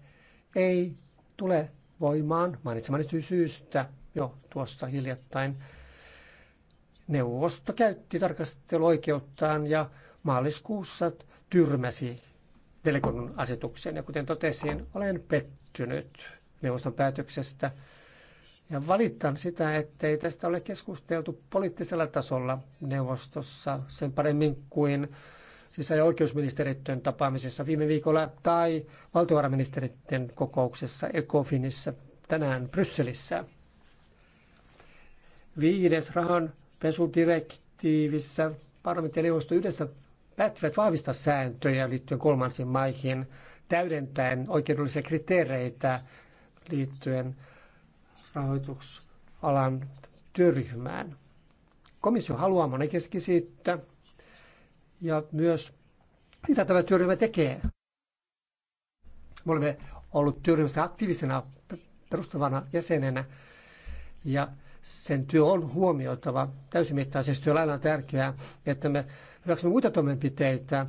ei tule voimaan mainitsemani syystä jo tuosta hiljattain. Neuvosto käytti tarkasteluoikeuttaan ja maaliskuussa tyrmäsi delegoinnun asetuksen. Ja kuten totesin, olen pettynyt neuvoston päätöksestä ja valitan sitä, ettei tästä ole keskusteltu poliittisella tasolla neuvostossa sen paremmin kuin sisä- ja oikeusministeriön tapaamisessa viime viikolla tai valtiovarainministeriön kokouksessa ECOFINissa tänään Brysselissä. Viides rahan pesudirektiivissä parlamentti ja neuvosto yhdessä päättivät vahvistaa sääntöjä liittyen kolmansiin maihin täydentäen oikeudellisia kriteereitä liittyen rahoitusalan työryhmään. Komissio haluaa monikeskisyyttä ja myös mitä tämä työryhmä tekee. Me olemme ollut työryhmässä aktiivisena perustavana jäsenenä ja sen työ on huomioitava täysimittaisesti. Työllä on tärkeää, että me hyväksymme muita toimenpiteitä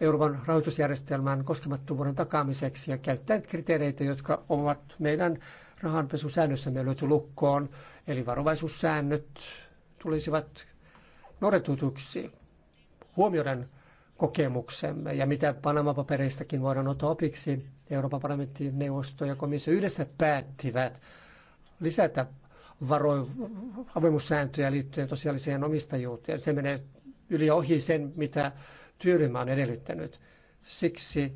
Euroopan rahoitusjärjestelmän koskemattomuuden takaamiseksi ja käyttäen kriteereitä, jotka ovat meidän rahanpesusäännössä me löytyi lukkoon, eli varovaisuussäännöt tulisivat noretutuksi huomioiden kokemuksemme ja mitä Panama-papereistakin voidaan ottaa opiksi. Euroopan parlamentin neuvosto ja komissio yhdessä päättivät lisätä varo- avoimuussääntöjä liittyen tosiaaliseen omistajuuteen. Se menee yli ja ohi sen, mitä työryhmä on edellyttänyt. Siksi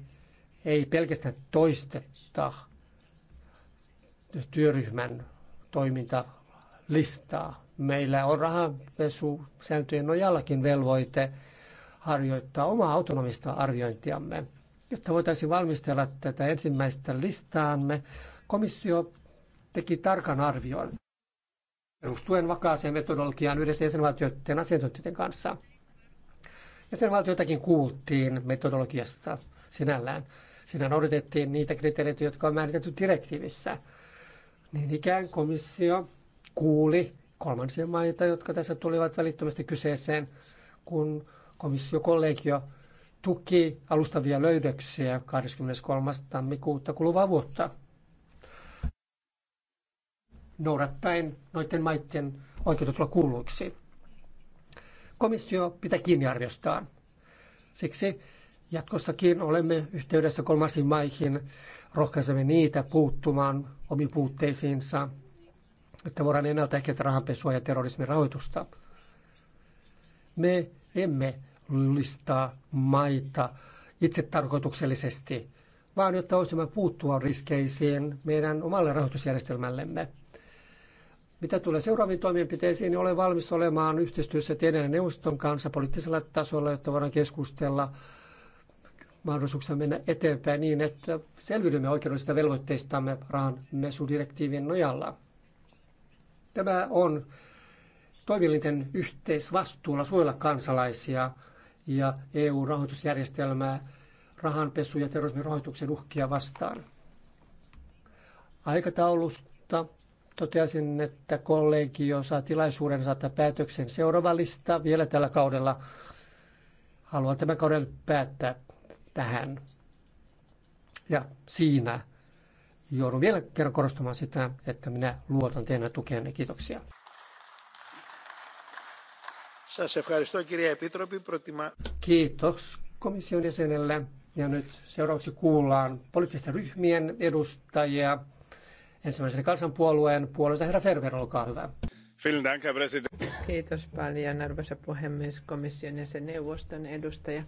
ei pelkästään toistetta työryhmän toimintalistaa. Meillä on rahanpesu sääntöjen nojallakin velvoite harjoittaa omaa autonomista arviointiamme. Jotta voitaisiin valmistella tätä ensimmäistä listaamme, komissio teki tarkan arvion perustuen vakaaseen metodologiaan yhdessä jäsenvaltioiden asiantuntijoiden kanssa. Jäsenvaltioitakin kuultiin metodologiasta sinällään. Siinä noudatettiin niitä kriteereitä, jotka on määritetty direktiivissä. Niin ikään komissio kuuli kolmansia maita, jotka tässä tulivat välittömästi kyseeseen, kun komissiokollegio tuki alustavia löydöksiä 23. tammikuuta kuluvaa vuotta. Noudattaen noiden maiden oikeutta tulla kuuluiksi. Komissio pitää kiinni arviostaan. Siksi jatkossakin olemme yhteydessä kolmansiin maihin rohkaisemme niitä puuttumaan omiin puutteisiinsa, että voidaan ennaltaehkäistä rahanpesua ja terrorismin rahoitusta. Me emme listaa maita itse tarkoituksellisesti, vaan jotta voisimme puuttua riskeisiin meidän omalle rahoitusjärjestelmällemme. Mitä tulee seuraaviin toimenpiteisiin, niin olen valmis olemaan yhteistyössä teidän neuvoston kanssa poliittisella tasolla, jotta voidaan keskustella mahdollisuuksia mennä eteenpäin niin, että selviydymme oikeudellisista velvoitteistamme mesudirektiivin nojalla. Tämä on toimielinten yhteisvastuulla suojella kansalaisia ja EU-rahoitusjärjestelmää rahanpesu- ja terrorismin rahoituksen uhkia vastaan. Aikataulusta toteaisin, että kollegio saa tilaisuuden saattaa päätöksen seuraavallista vielä tällä kaudella. Haluan tämän kauden päättää tähän. Ja siinä joudun vielä kerran korostamaan sitä, että minä luotan teidän tukeenne. Kiitoksia. Kiitos komission jäsenelle. Ja nyt seuraavaksi kuullaan poliittisten ryhmien edustajia. Ensimmäisenä kansanpuolueen puolesta herra Ferber, olkaa hyvä. Kiitos paljon, arvoisa puhemies, komission jäsen neuvoston edustaja.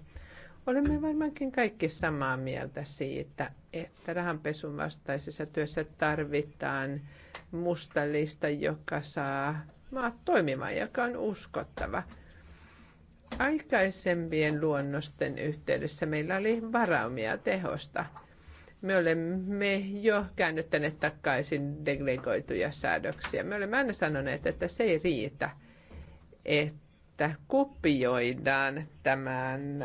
Olemme varmaankin kaikki samaa mieltä siitä, että rahanpesun vastaisessa työssä tarvitaan mustalista, joka saa maat toimimaan, joka on uskottava. Aikaisempien luonnosten yhteydessä meillä oli varaumia tehosta. Me olemme jo käännyttäneet takaisin delegoituja säädöksiä. Me olemme aina sanoneet, että se ei riitä, että kopioidaan tämän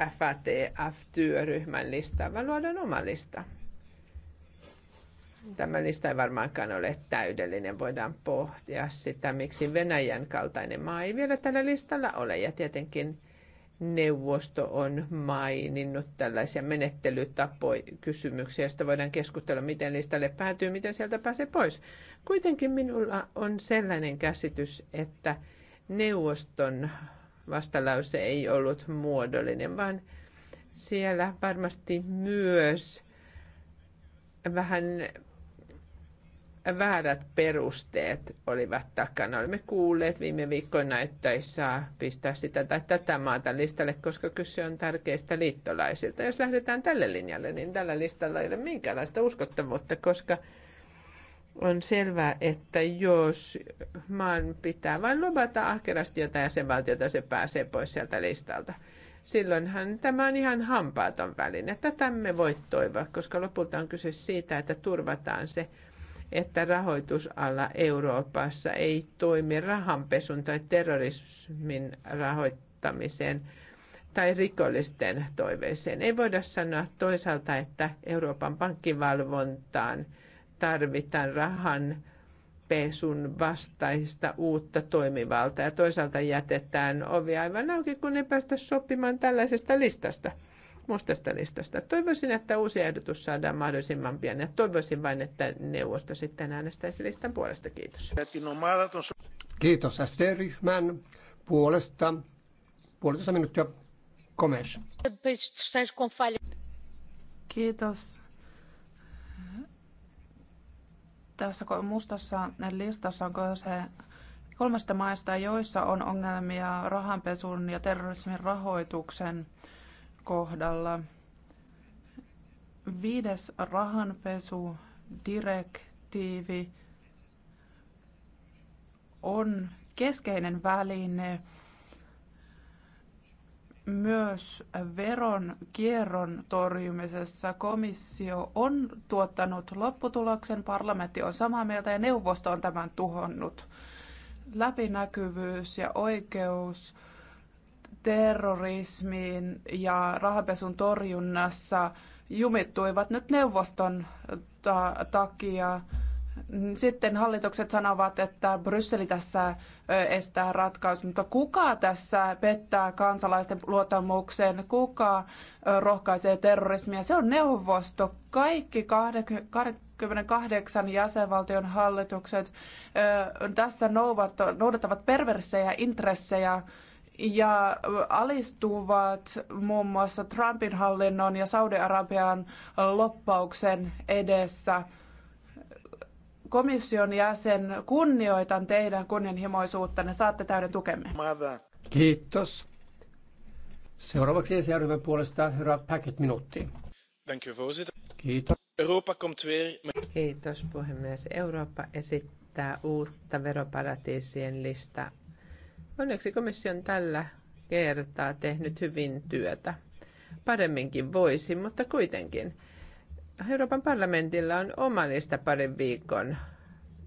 FATF-työryhmän listaa, vaan luodaan oma lista. Tämä lista ei varmaankaan ole täydellinen. Voidaan pohtia sitä, miksi Venäjän kaltainen maa ei vielä tällä listalla ole. Ja tietenkin neuvosto on maininnut tällaisia menettelytapoja-kysymyksiä, joista voidaan keskustella, miten listalle päätyy, miten sieltä pääsee pois. Kuitenkin minulla on sellainen käsitys, että neuvoston vastalause ei ollut muodollinen, vaan siellä varmasti myös vähän väärät perusteet olivat takana. Olemme kuulleet viime viikkoina, että ei saa pistää sitä tai tätä maata listalle, koska kyse on tärkeistä liittolaisilta. Jos lähdetään tälle linjalle, niin tällä listalla ei ole minkäänlaista uskottavuutta, koska – on selvää, että jos maan pitää vain lobata ahkerasti jotain jäsenvaltiota, se pääsee pois sieltä listalta. Silloinhan tämä on ihan hampaaton väline. Tätä me voi toivoa, koska lopulta on kyse siitä, että turvataan se, että rahoitusala Euroopassa ei toimi rahanpesun tai terrorismin rahoittamiseen tai rikollisten toiveeseen. Ei voida sanoa toisaalta, että Euroopan pankkivalvontaan – tarvitaan rahan pesun vastaista uutta toimivaltaa ja toisaalta jätetään ovi aivan auki, kun ei päästä sopimaan tällaisesta listasta, mustasta listasta. Toivoisin, että uusi ehdotus saadaan mahdollisimman pian ja toivoisin vain, että neuvosto sitten äänestäisi listan puolesta. Kiitos. Kiitos SD-ryhmän puolesta. Puolitoista minuuttia Komes. Kiitos tässä mustassa listassa on kyse kolmesta maista, joissa on ongelmia rahanpesun ja terrorismin rahoituksen kohdalla. Viides direktiivi on keskeinen väline myös veronkierron torjumisessa komissio on tuottanut lopputuloksen, parlamentti on samaa mieltä ja neuvosto on tämän tuhonnut. Läpinäkyvyys ja oikeus terrorismiin ja rahapesun torjunnassa jumittuivat nyt neuvoston ta- takia. Sitten hallitukset sanovat, että Brysseli tässä estää ratkaisun, mutta kuka tässä pettää kansalaisten luottamuksen, kuka rohkaisee terrorismia? Se on neuvosto. Kaikki 28 jäsenvaltion hallitukset tässä noudattavat perversejä intressejä ja alistuvat muun muassa Trumpin hallinnon ja Saudi-Arabian loppauksen edessä – komission jäsen, kunnioitan teidän kunnianhimoisuuttanne. Saatte täyden tukemme. Kiitos. Seuraavaksi ecr puolesta herra Packet minuuttiin. Thank you, Kiitos. Europa komt weer... Kiitos puhemies. Eurooppa esittää uutta veroparatiisien listaa. Onneksi komission tällä kertaa tehnyt hyvin työtä. Paremminkin voisi, mutta kuitenkin – Euroopan parlamentilla on oma lista parin viikon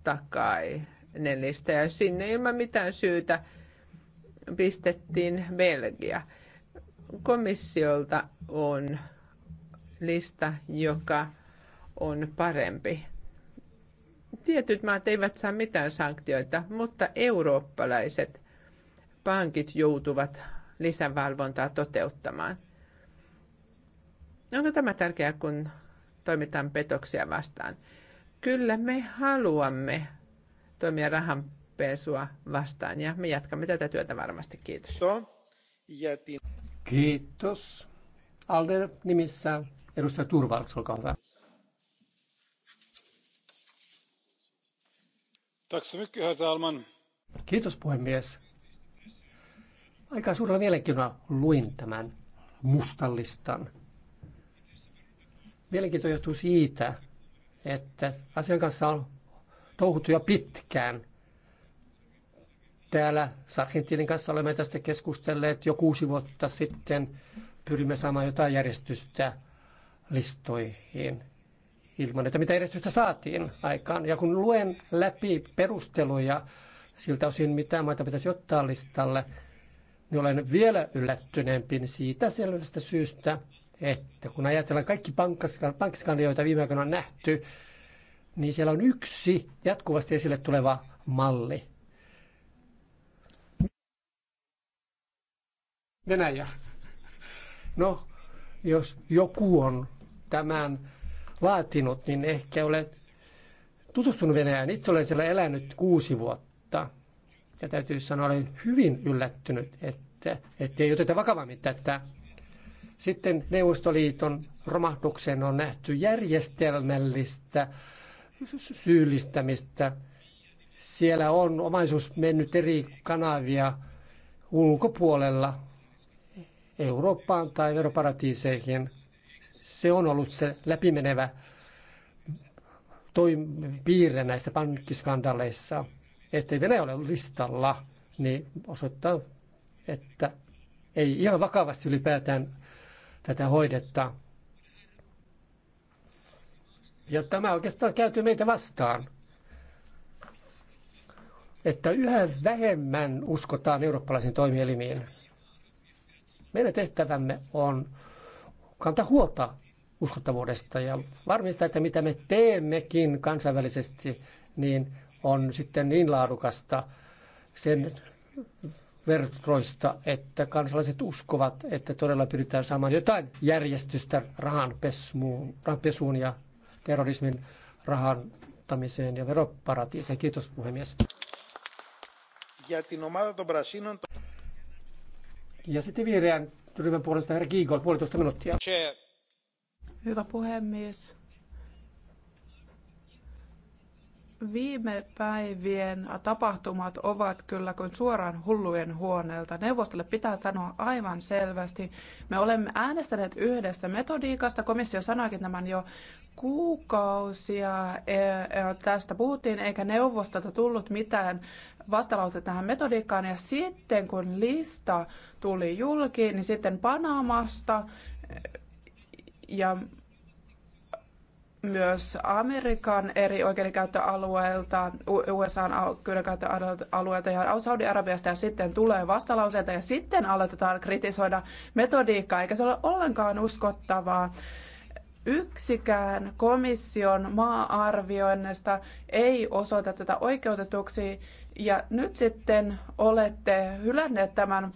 takainen lista ja sinne ilman mitään syytä pistettiin Belgia. Komissiolta on lista, joka on parempi. Tietyt maat eivät saa mitään sanktioita, mutta eurooppalaiset pankit joutuvat lisävalvontaa toteuttamaan. Onko tämä tärkeää, kun toimitaan petoksia vastaan. Kyllä me haluamme toimia rahanpesua vastaan ja me jatkamme tätä työtä varmasti. Kiitos. Kiitos. Alder nimissä edustaja Turvalks, olkaa hyvä. Kiitos puhemies. Aika suurella mielenkiinnolla luin tämän mustallistan Mielenkiinto johtuu siitä, että asian kanssa on touhuttu jo pitkään. Täällä Sargentinin kanssa olemme tästä keskustelleet jo kuusi vuotta sitten. Pyrimme saamaan jotain järjestystä listoihin ilman, että mitä järjestystä saatiin aikaan. Ja kun luen läpi perusteluja siltä osin, mitä maita pitäisi ottaa listalle, niin olen vielä yllättyneempi siitä selvästä syystä, että kun ajatellaan kaikki pankkiskandeja, joita viime aikoina on nähty, niin siellä on yksi jatkuvasti esille tuleva malli. Venäjä. No, jos joku on tämän laatinut, niin ehkä olet tutustunut Venäjään. Itse olen siellä elänyt kuusi vuotta. Ja täytyy sanoa, olen hyvin yllättynyt, että, että ei oteta vakavammin tätä sitten Neuvostoliiton romahdukseen on nähty järjestelmällistä syyllistämistä. Siellä on omaisuus mennyt eri kanavia ulkopuolella Eurooppaan tai veroparatiiseihin. Se on ollut se läpimenevä toim- piirre näissä pankkiskandaleissa, ettei Venäjä ole listalla, niin osoittaa, että ei ihan vakavasti ylipäätään tätä hoidetta. Ja tämä oikeastaan käytyy meitä vastaan, että yhä vähemmän uskotaan eurooppalaisiin toimielimiin. Meidän tehtävämme on kantaa huolta uskottavuudesta ja varmistaa, että mitä me teemmekin kansainvälisesti, niin on sitten niin laadukasta sen verkoista, että kansalaiset uskovat, että todella pyritään saamaan jotain järjestystä rahanpesuun ja terrorismin rahantamiseen ja veroparatiiseen. Kiitos puhemies. Ja sitten vihreän ryhmän puolesta herra Kiikol, puolitoista minuuttia. Hyvä puhemies. Viime päivien tapahtumat ovat kyllä kuin suoraan hullujen huoneelta. Neuvostolle pitää sanoa aivan selvästi. Me olemme äänestäneet yhdessä metodiikasta. Komissio sanoikin tämän jo kuukausia. E, e, tästä puhuttiin, eikä neuvostolta tullut mitään vastalause tähän metodiikkaan. Ja sitten kun lista tuli julki, niin sitten Panamasta ja myös Amerikan eri oikeudenkäyttöalueilta, USAn oikeudenkäyttöalueilta ja Saudi-Arabiasta ja sitten tulee vastalauseita ja sitten aletaan kritisoida metodiikkaa, eikä se ole ollenkaan uskottavaa. Yksikään komission maa-arvioinnista ei osoita tätä oikeutetuksi ja nyt sitten olette hylänneet tämän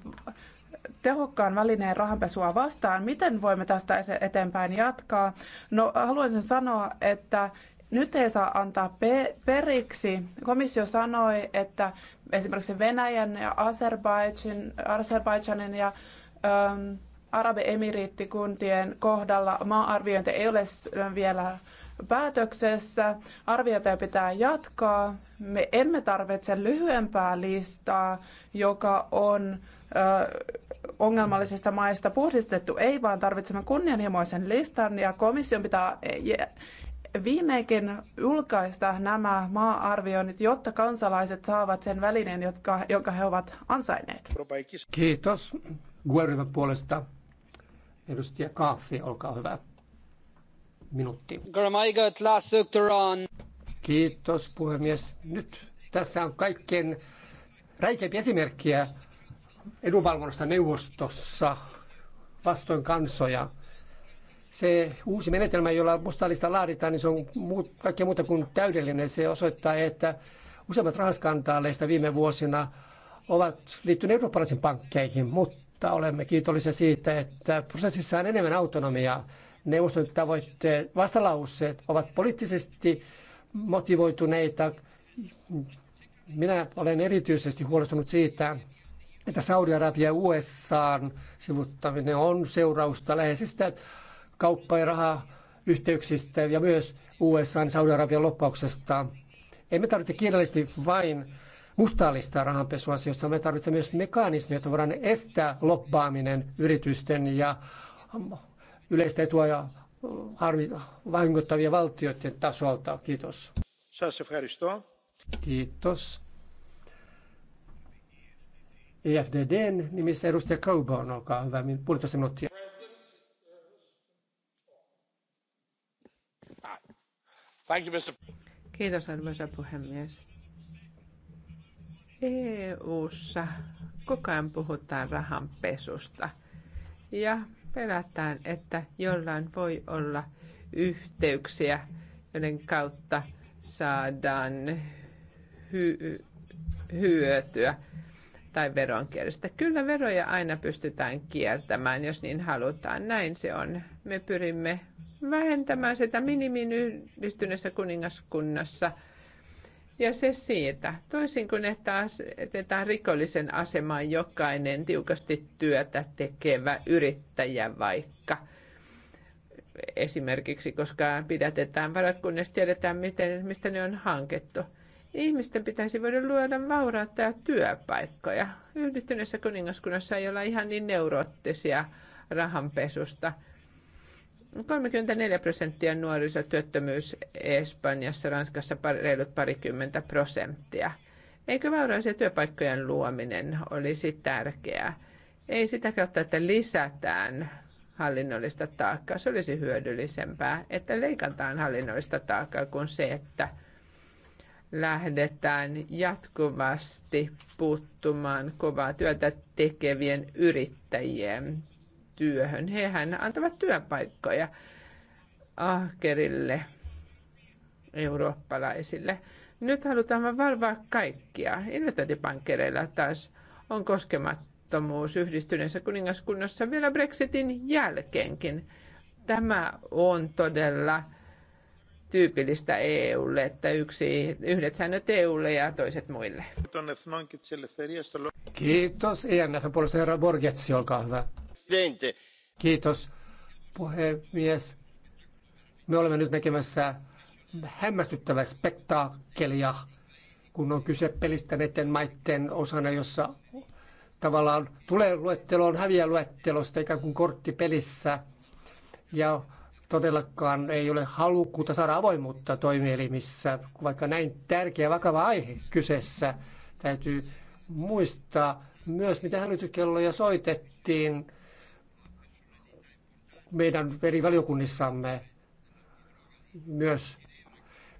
tehokkaan välineen rahanpesua vastaan. Miten voimme tästä eteenpäin jatkaa? No, haluaisin sanoa, että nyt ei saa antaa periksi. Komissio sanoi, että esimerkiksi Venäjän ja Azerbaidžanin Azerbaijanin ja ähm, Arabiemiriittikuntien kohdalla maa-arviointi ei ole vielä päätöksessä. Arviota pitää jatkaa. Me emme tarvitse lyhyempää listaa, joka on ongelmallisista maista puhdistettu. Ei, vaan tarvitsemme kunnianhimoisen listan ja komission pitää e, viimeinkin julkaista nämä maa-arvioinnit, jotta kansalaiset saavat sen välineen, jotka, jonka he ovat ansainneet. Kiitos. Guerryvän puolesta edustaja Kaafi, olkaa hyvä minuutti. Kiitos puhemies. Nyt tässä on kaikkein räikeimpi esimerkkiä edunvalvonnasta neuvostossa vastoin kansoja. Se uusi menetelmä, jolla mustalista laaditaan, niin se on muut, kaikkea muuta kuin täydellinen. Se osoittaa, että useimmat rahaskandaaleista viime vuosina ovat liittyneet eurooppalaisiin pankkeihin, mutta olemme kiitollisia siitä, että prosessissa on enemmän autonomiaa neuvoston tavoitteet, vastalauseet ovat poliittisesti motivoituneita. Minä olen erityisesti huolestunut siitä, että Saudi-Arabia ja USA sivuttaminen on seurausta läheisistä kauppa- ja rahayhteyksistä ja myös USA ja Saudi-Arabian loppauksesta. Emme tarvitse kiireellisesti vain mustaa listaa rahanpesuasioista, me tarvitsemme myös mekanismia, jotta voidaan estää loppaaminen yritysten ja yleistä etua ja vahingoittavien valtioiden tasolta. Kiitos. Kiitos. EFDDn nimissä edustaja Kauban, olkaa hyvä, puolitoista minuuttia. Kiitos arvoisa puhemies. EU-ssa koko ajan puhutaan rahanpesusta ja pelätään, että jollain voi olla yhteyksiä, joiden kautta saadaan hy- hyötyä tai veronkierrosta. Kyllä veroja aina pystytään kiertämään, jos niin halutaan. Näin se on. Me pyrimme vähentämään sitä minimin yhdistyneessä kuningaskunnassa – ja se siitä, toisin kuin että asetetaan rikollisen asemaan jokainen tiukasti työtä tekevä yrittäjä vaikka. Esimerkiksi, koska pidätetään varat, kunnes tiedetään, miten, mistä ne on hankittu. Ihmisten pitäisi voida luoda vaurautta ja työpaikkoja. Yhdistyneessä kuningaskunnassa ei olla ihan niin neuroottisia rahanpesusta – 34 prosenttia nuorisotyöttömyys Espanjassa, Ranskassa reilut parikymmentä prosenttia. Eikö vauraisia työpaikkojen luominen olisi tärkeää? Ei sitä kautta, että lisätään hallinnollista taakkaa. Se olisi hyödyllisempää, että leikataan hallinnollista taakkaa kuin se, että lähdetään jatkuvasti puuttumaan kovaa työtä tekevien yrittäjien työhön. Hehän antavat työpaikkoja ahkerille eurooppalaisille. Nyt halutaan valvoa kaikkia. Investointipankkereilla taas on koskemattomuus yhdistyneessä kuningaskunnassa vielä Brexitin jälkeenkin. Tämä on todella tyypillistä EUlle, että yksi, yhdet säännöt EUlle ja toiset muille. Kiitos. ei puolesta herra Borgetsi, olkaa hyvä presidente. Kiitos puhemies. Me olemme nyt näkemässä hämmästyttävä spektaakkelia, kun on kyse pelistä näiden maiden osana, jossa tavallaan tulee luetteloon häviäluettelosta ikään kuin kortti pelissä. Ja todellakaan ei ole halukkuutta saada avoimuutta toimielimissä, vaikka näin tärkeä vakava aihe kyseessä. Täytyy muistaa myös, mitä hälytyskelloja soitettiin meidän eri valiokunnissamme myös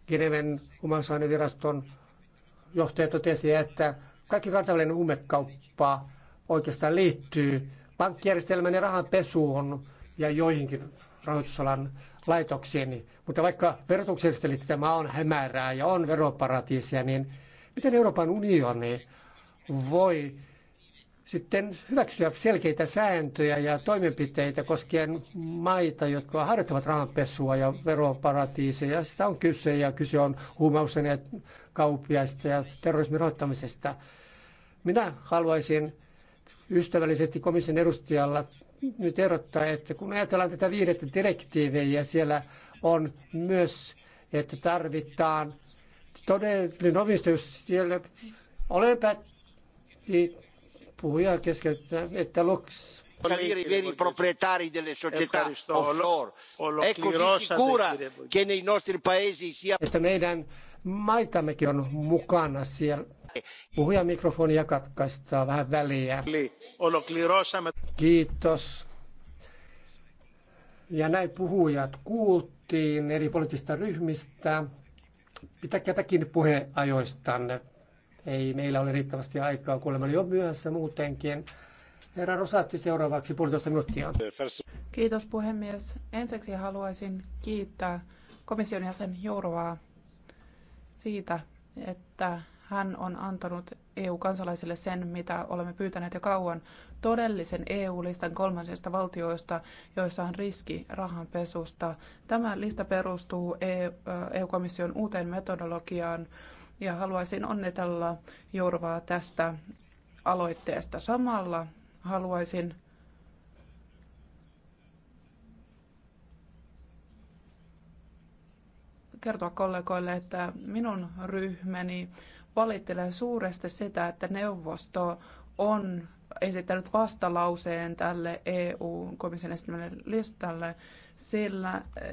Geneven huumausaineviraston johtaja totesi, että kaikki kansainvälinen huumekauppa oikeastaan liittyy pankkijärjestelmän ja rahanpesuun ja joihinkin rahoitusalan laitoksiin. Mutta vaikka verotuksellisesti tämä on hämärää ja on veroparatiisia, niin miten Euroopan unioni voi sitten hyväksyä selkeitä sääntöjä ja toimenpiteitä koskien maita, jotka harjoittavat rahanpesua ja veroparatiiseja. Sitä on kyse ja kyse on ja kauppiaista ja terrorismin rahoittamisesta. Minä haluaisin ystävällisesti komission edustajalla nyt erottaa, että kun ajatellaan tätä viidettä direktiiviä ja siellä on myös, että tarvitaan todellinen omistus siellä, olenpä Puhuja keskeyttää, että Lux salire i veri proprietari delle società offshore. È così sicura che nei nostri paesi sia... Että meidän maitammekin on mukana siellä. Puhuja mikrofonia katkaistaan vähän väliä. Kiitos. Ja näin puhujat kuultiin eri poliittisista ryhmistä. Pitäkääpä kiinni puheajoistanne. Ei meillä ole riittävästi aikaa, kuulemma jo myöhässä muutenkin. Herra Rosatti seuraavaksi puolitoista minuuttia. Kiitos puhemies. Ensiksi haluaisin kiittää komission jäsen Jourovaa siitä, että hän on antanut EU-kansalaisille sen, mitä olemme pyytäneet jo kauan, todellisen EU-listan kolmansista valtioista, joissa on riski rahanpesusta. Tämä lista perustuu e- EU-komission uuteen metodologiaan, ja haluaisin onnitella Jurvaa tästä aloitteesta. Samalla haluaisin kertoa kollegoille, että minun ryhmäni valittelee suuresti sitä, että neuvosto on esittänyt vastalauseen tälle EU-komission listalle sillä eh,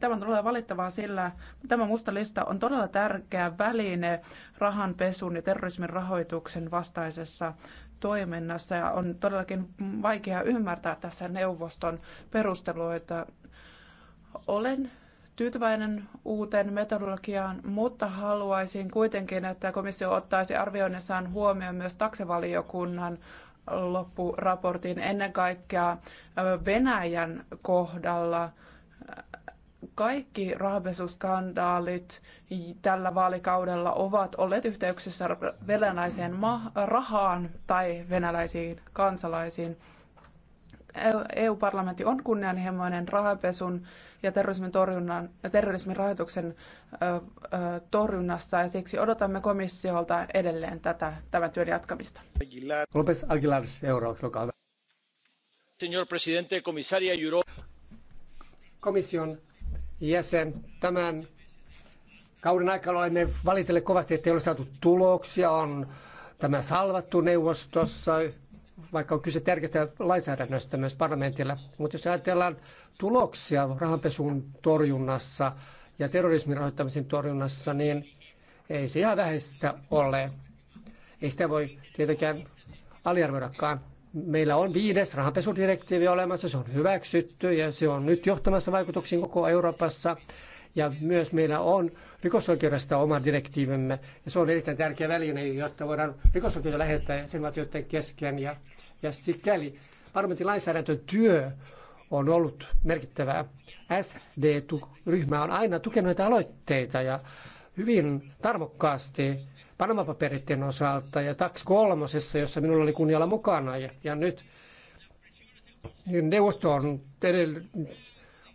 tämä todella valittavaa, sillä tämä musta lista on todella tärkeä väline rahanpesun ja terrorismin rahoituksen vastaisessa toiminnassa ja on todellakin vaikea ymmärtää tässä neuvoston perusteluita. Olen tyytyväinen uuteen metodologiaan, mutta haluaisin kuitenkin, että komissio ottaisi arvioinnissaan huomioon myös taksevaliokunnan loppuraportin ennen kaikkea Venäjän kohdalla. Kaikki rahanpesuskandaalit tällä vaalikaudella ovat olleet yhteyksissä venäläiseen rahaan tai venäläisiin kansalaisiin. EU-parlamentti on kunnianhimoinen rahapesun ja terrorismin, torjunnan, ja terrorismin rahoituksen torjunnassa ja siksi odotamme komissiolta edelleen tätä, tämän työn jatkamista. Lopes Aguilar, seuraavaksi, olkaa hyvä. Señor presidente, komissaria Juro. Komission jäsen, tämän kauden aikana olemme valitelleet kovasti, että ei ole saatu tuloksia, on tämä salvattu neuvostossa, vaikka on kyse tärkeästä lainsäädännöstä myös parlamentilla. Mutta jos ajatellaan tuloksia rahanpesun torjunnassa ja terrorismin rahoittamisen torjunnassa, niin ei se ihan vähäistä ole. Ei sitä voi tietenkään aliarvioidakaan. Meillä on viides rahanpesudirektiivi olemassa, se on hyväksytty ja se on nyt johtamassa vaikutuksiin koko Euroopassa. Ja myös meillä on rikosoikeudesta oma direktiivimme, ja se on erittäin tärkeä väline, jotta voidaan rikosoikeutta lähettää jäsenvaltioiden kesken. Ja, ja sikäli parlamentin lainsäädäntötyö on ollut merkittävää. SD-ryhmä on aina tukenut näitä aloitteita ja hyvin tarmokkaasti panama osalta ja TAX 3, jossa minulla oli kunnialla mukana. Ja, ja nyt niin neuvosto on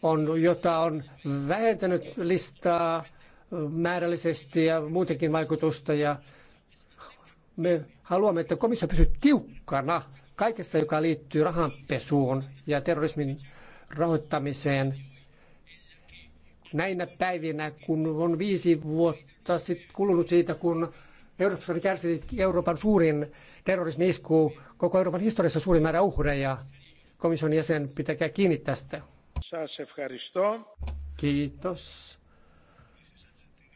on, jota on vähentänyt listaa määrällisesti ja muutenkin vaikutusta. Ja me haluamme, että komissio pysyy tiukkana kaikessa, joka liittyy rahanpesuun ja terrorismin rahoittamiseen. Näinä päivinä, kun on viisi vuotta sitten kulunut siitä, kun Euroopassa oli Euroopan suurin terrorismi isku, koko Euroopan historiassa suurin määrä uhreja, komission jäsen pitäkää kiinni tästä. Kiitos.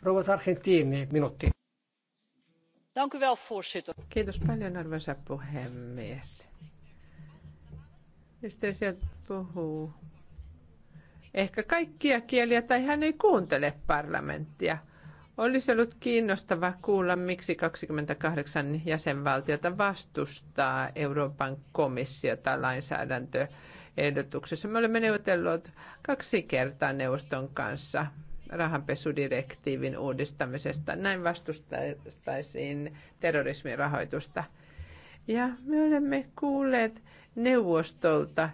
Rouva Sargentini, minuutti. Kiitos paljon, arvoisa puhemies. Ministeri sieltä puhuu ehkä kaikkia kieliä tai hän ei kuuntele parlamenttia. Olisi ollut kiinnostava kuulla, miksi 28 jäsenvaltiota vastustaa Euroopan komissiota lainsäädäntö ehdotuksessa. Me olemme neuvotelleet kaksi kertaa neuvoston kanssa rahanpesudirektiivin uudistamisesta. Näin vastustaisiin terrorismin rahoitusta. Ja me olemme kuulleet neuvostolta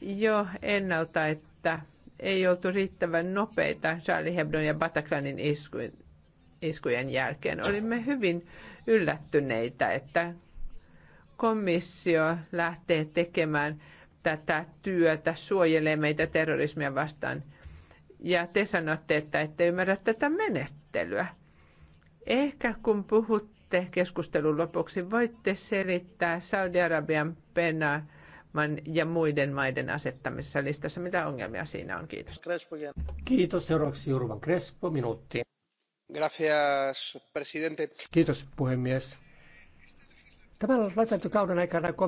jo ennalta, että ei oltu riittävän nopeita Charlie Hebdon ja Bataclanin iskujen jälkeen. Olimme hyvin yllättyneitä, että komissio lähtee tekemään tätä työtä, suojelee meitä terrorismia vastaan. Ja te sanotte, että ette ymmärrä tätä menettelyä. Ehkä kun puhutte keskustelun lopuksi, voitte selittää Saudi-Arabian penaa ja muiden maiden asettamisessa listassa. Mitä ongelmia siinä on? Kiitos. Kiitos. Seuraavaksi Jurvan Crespo, minuutti. Gracias, presidente. Kiitos, puhemies. Tämän lainsäädäntökauden aikana komissio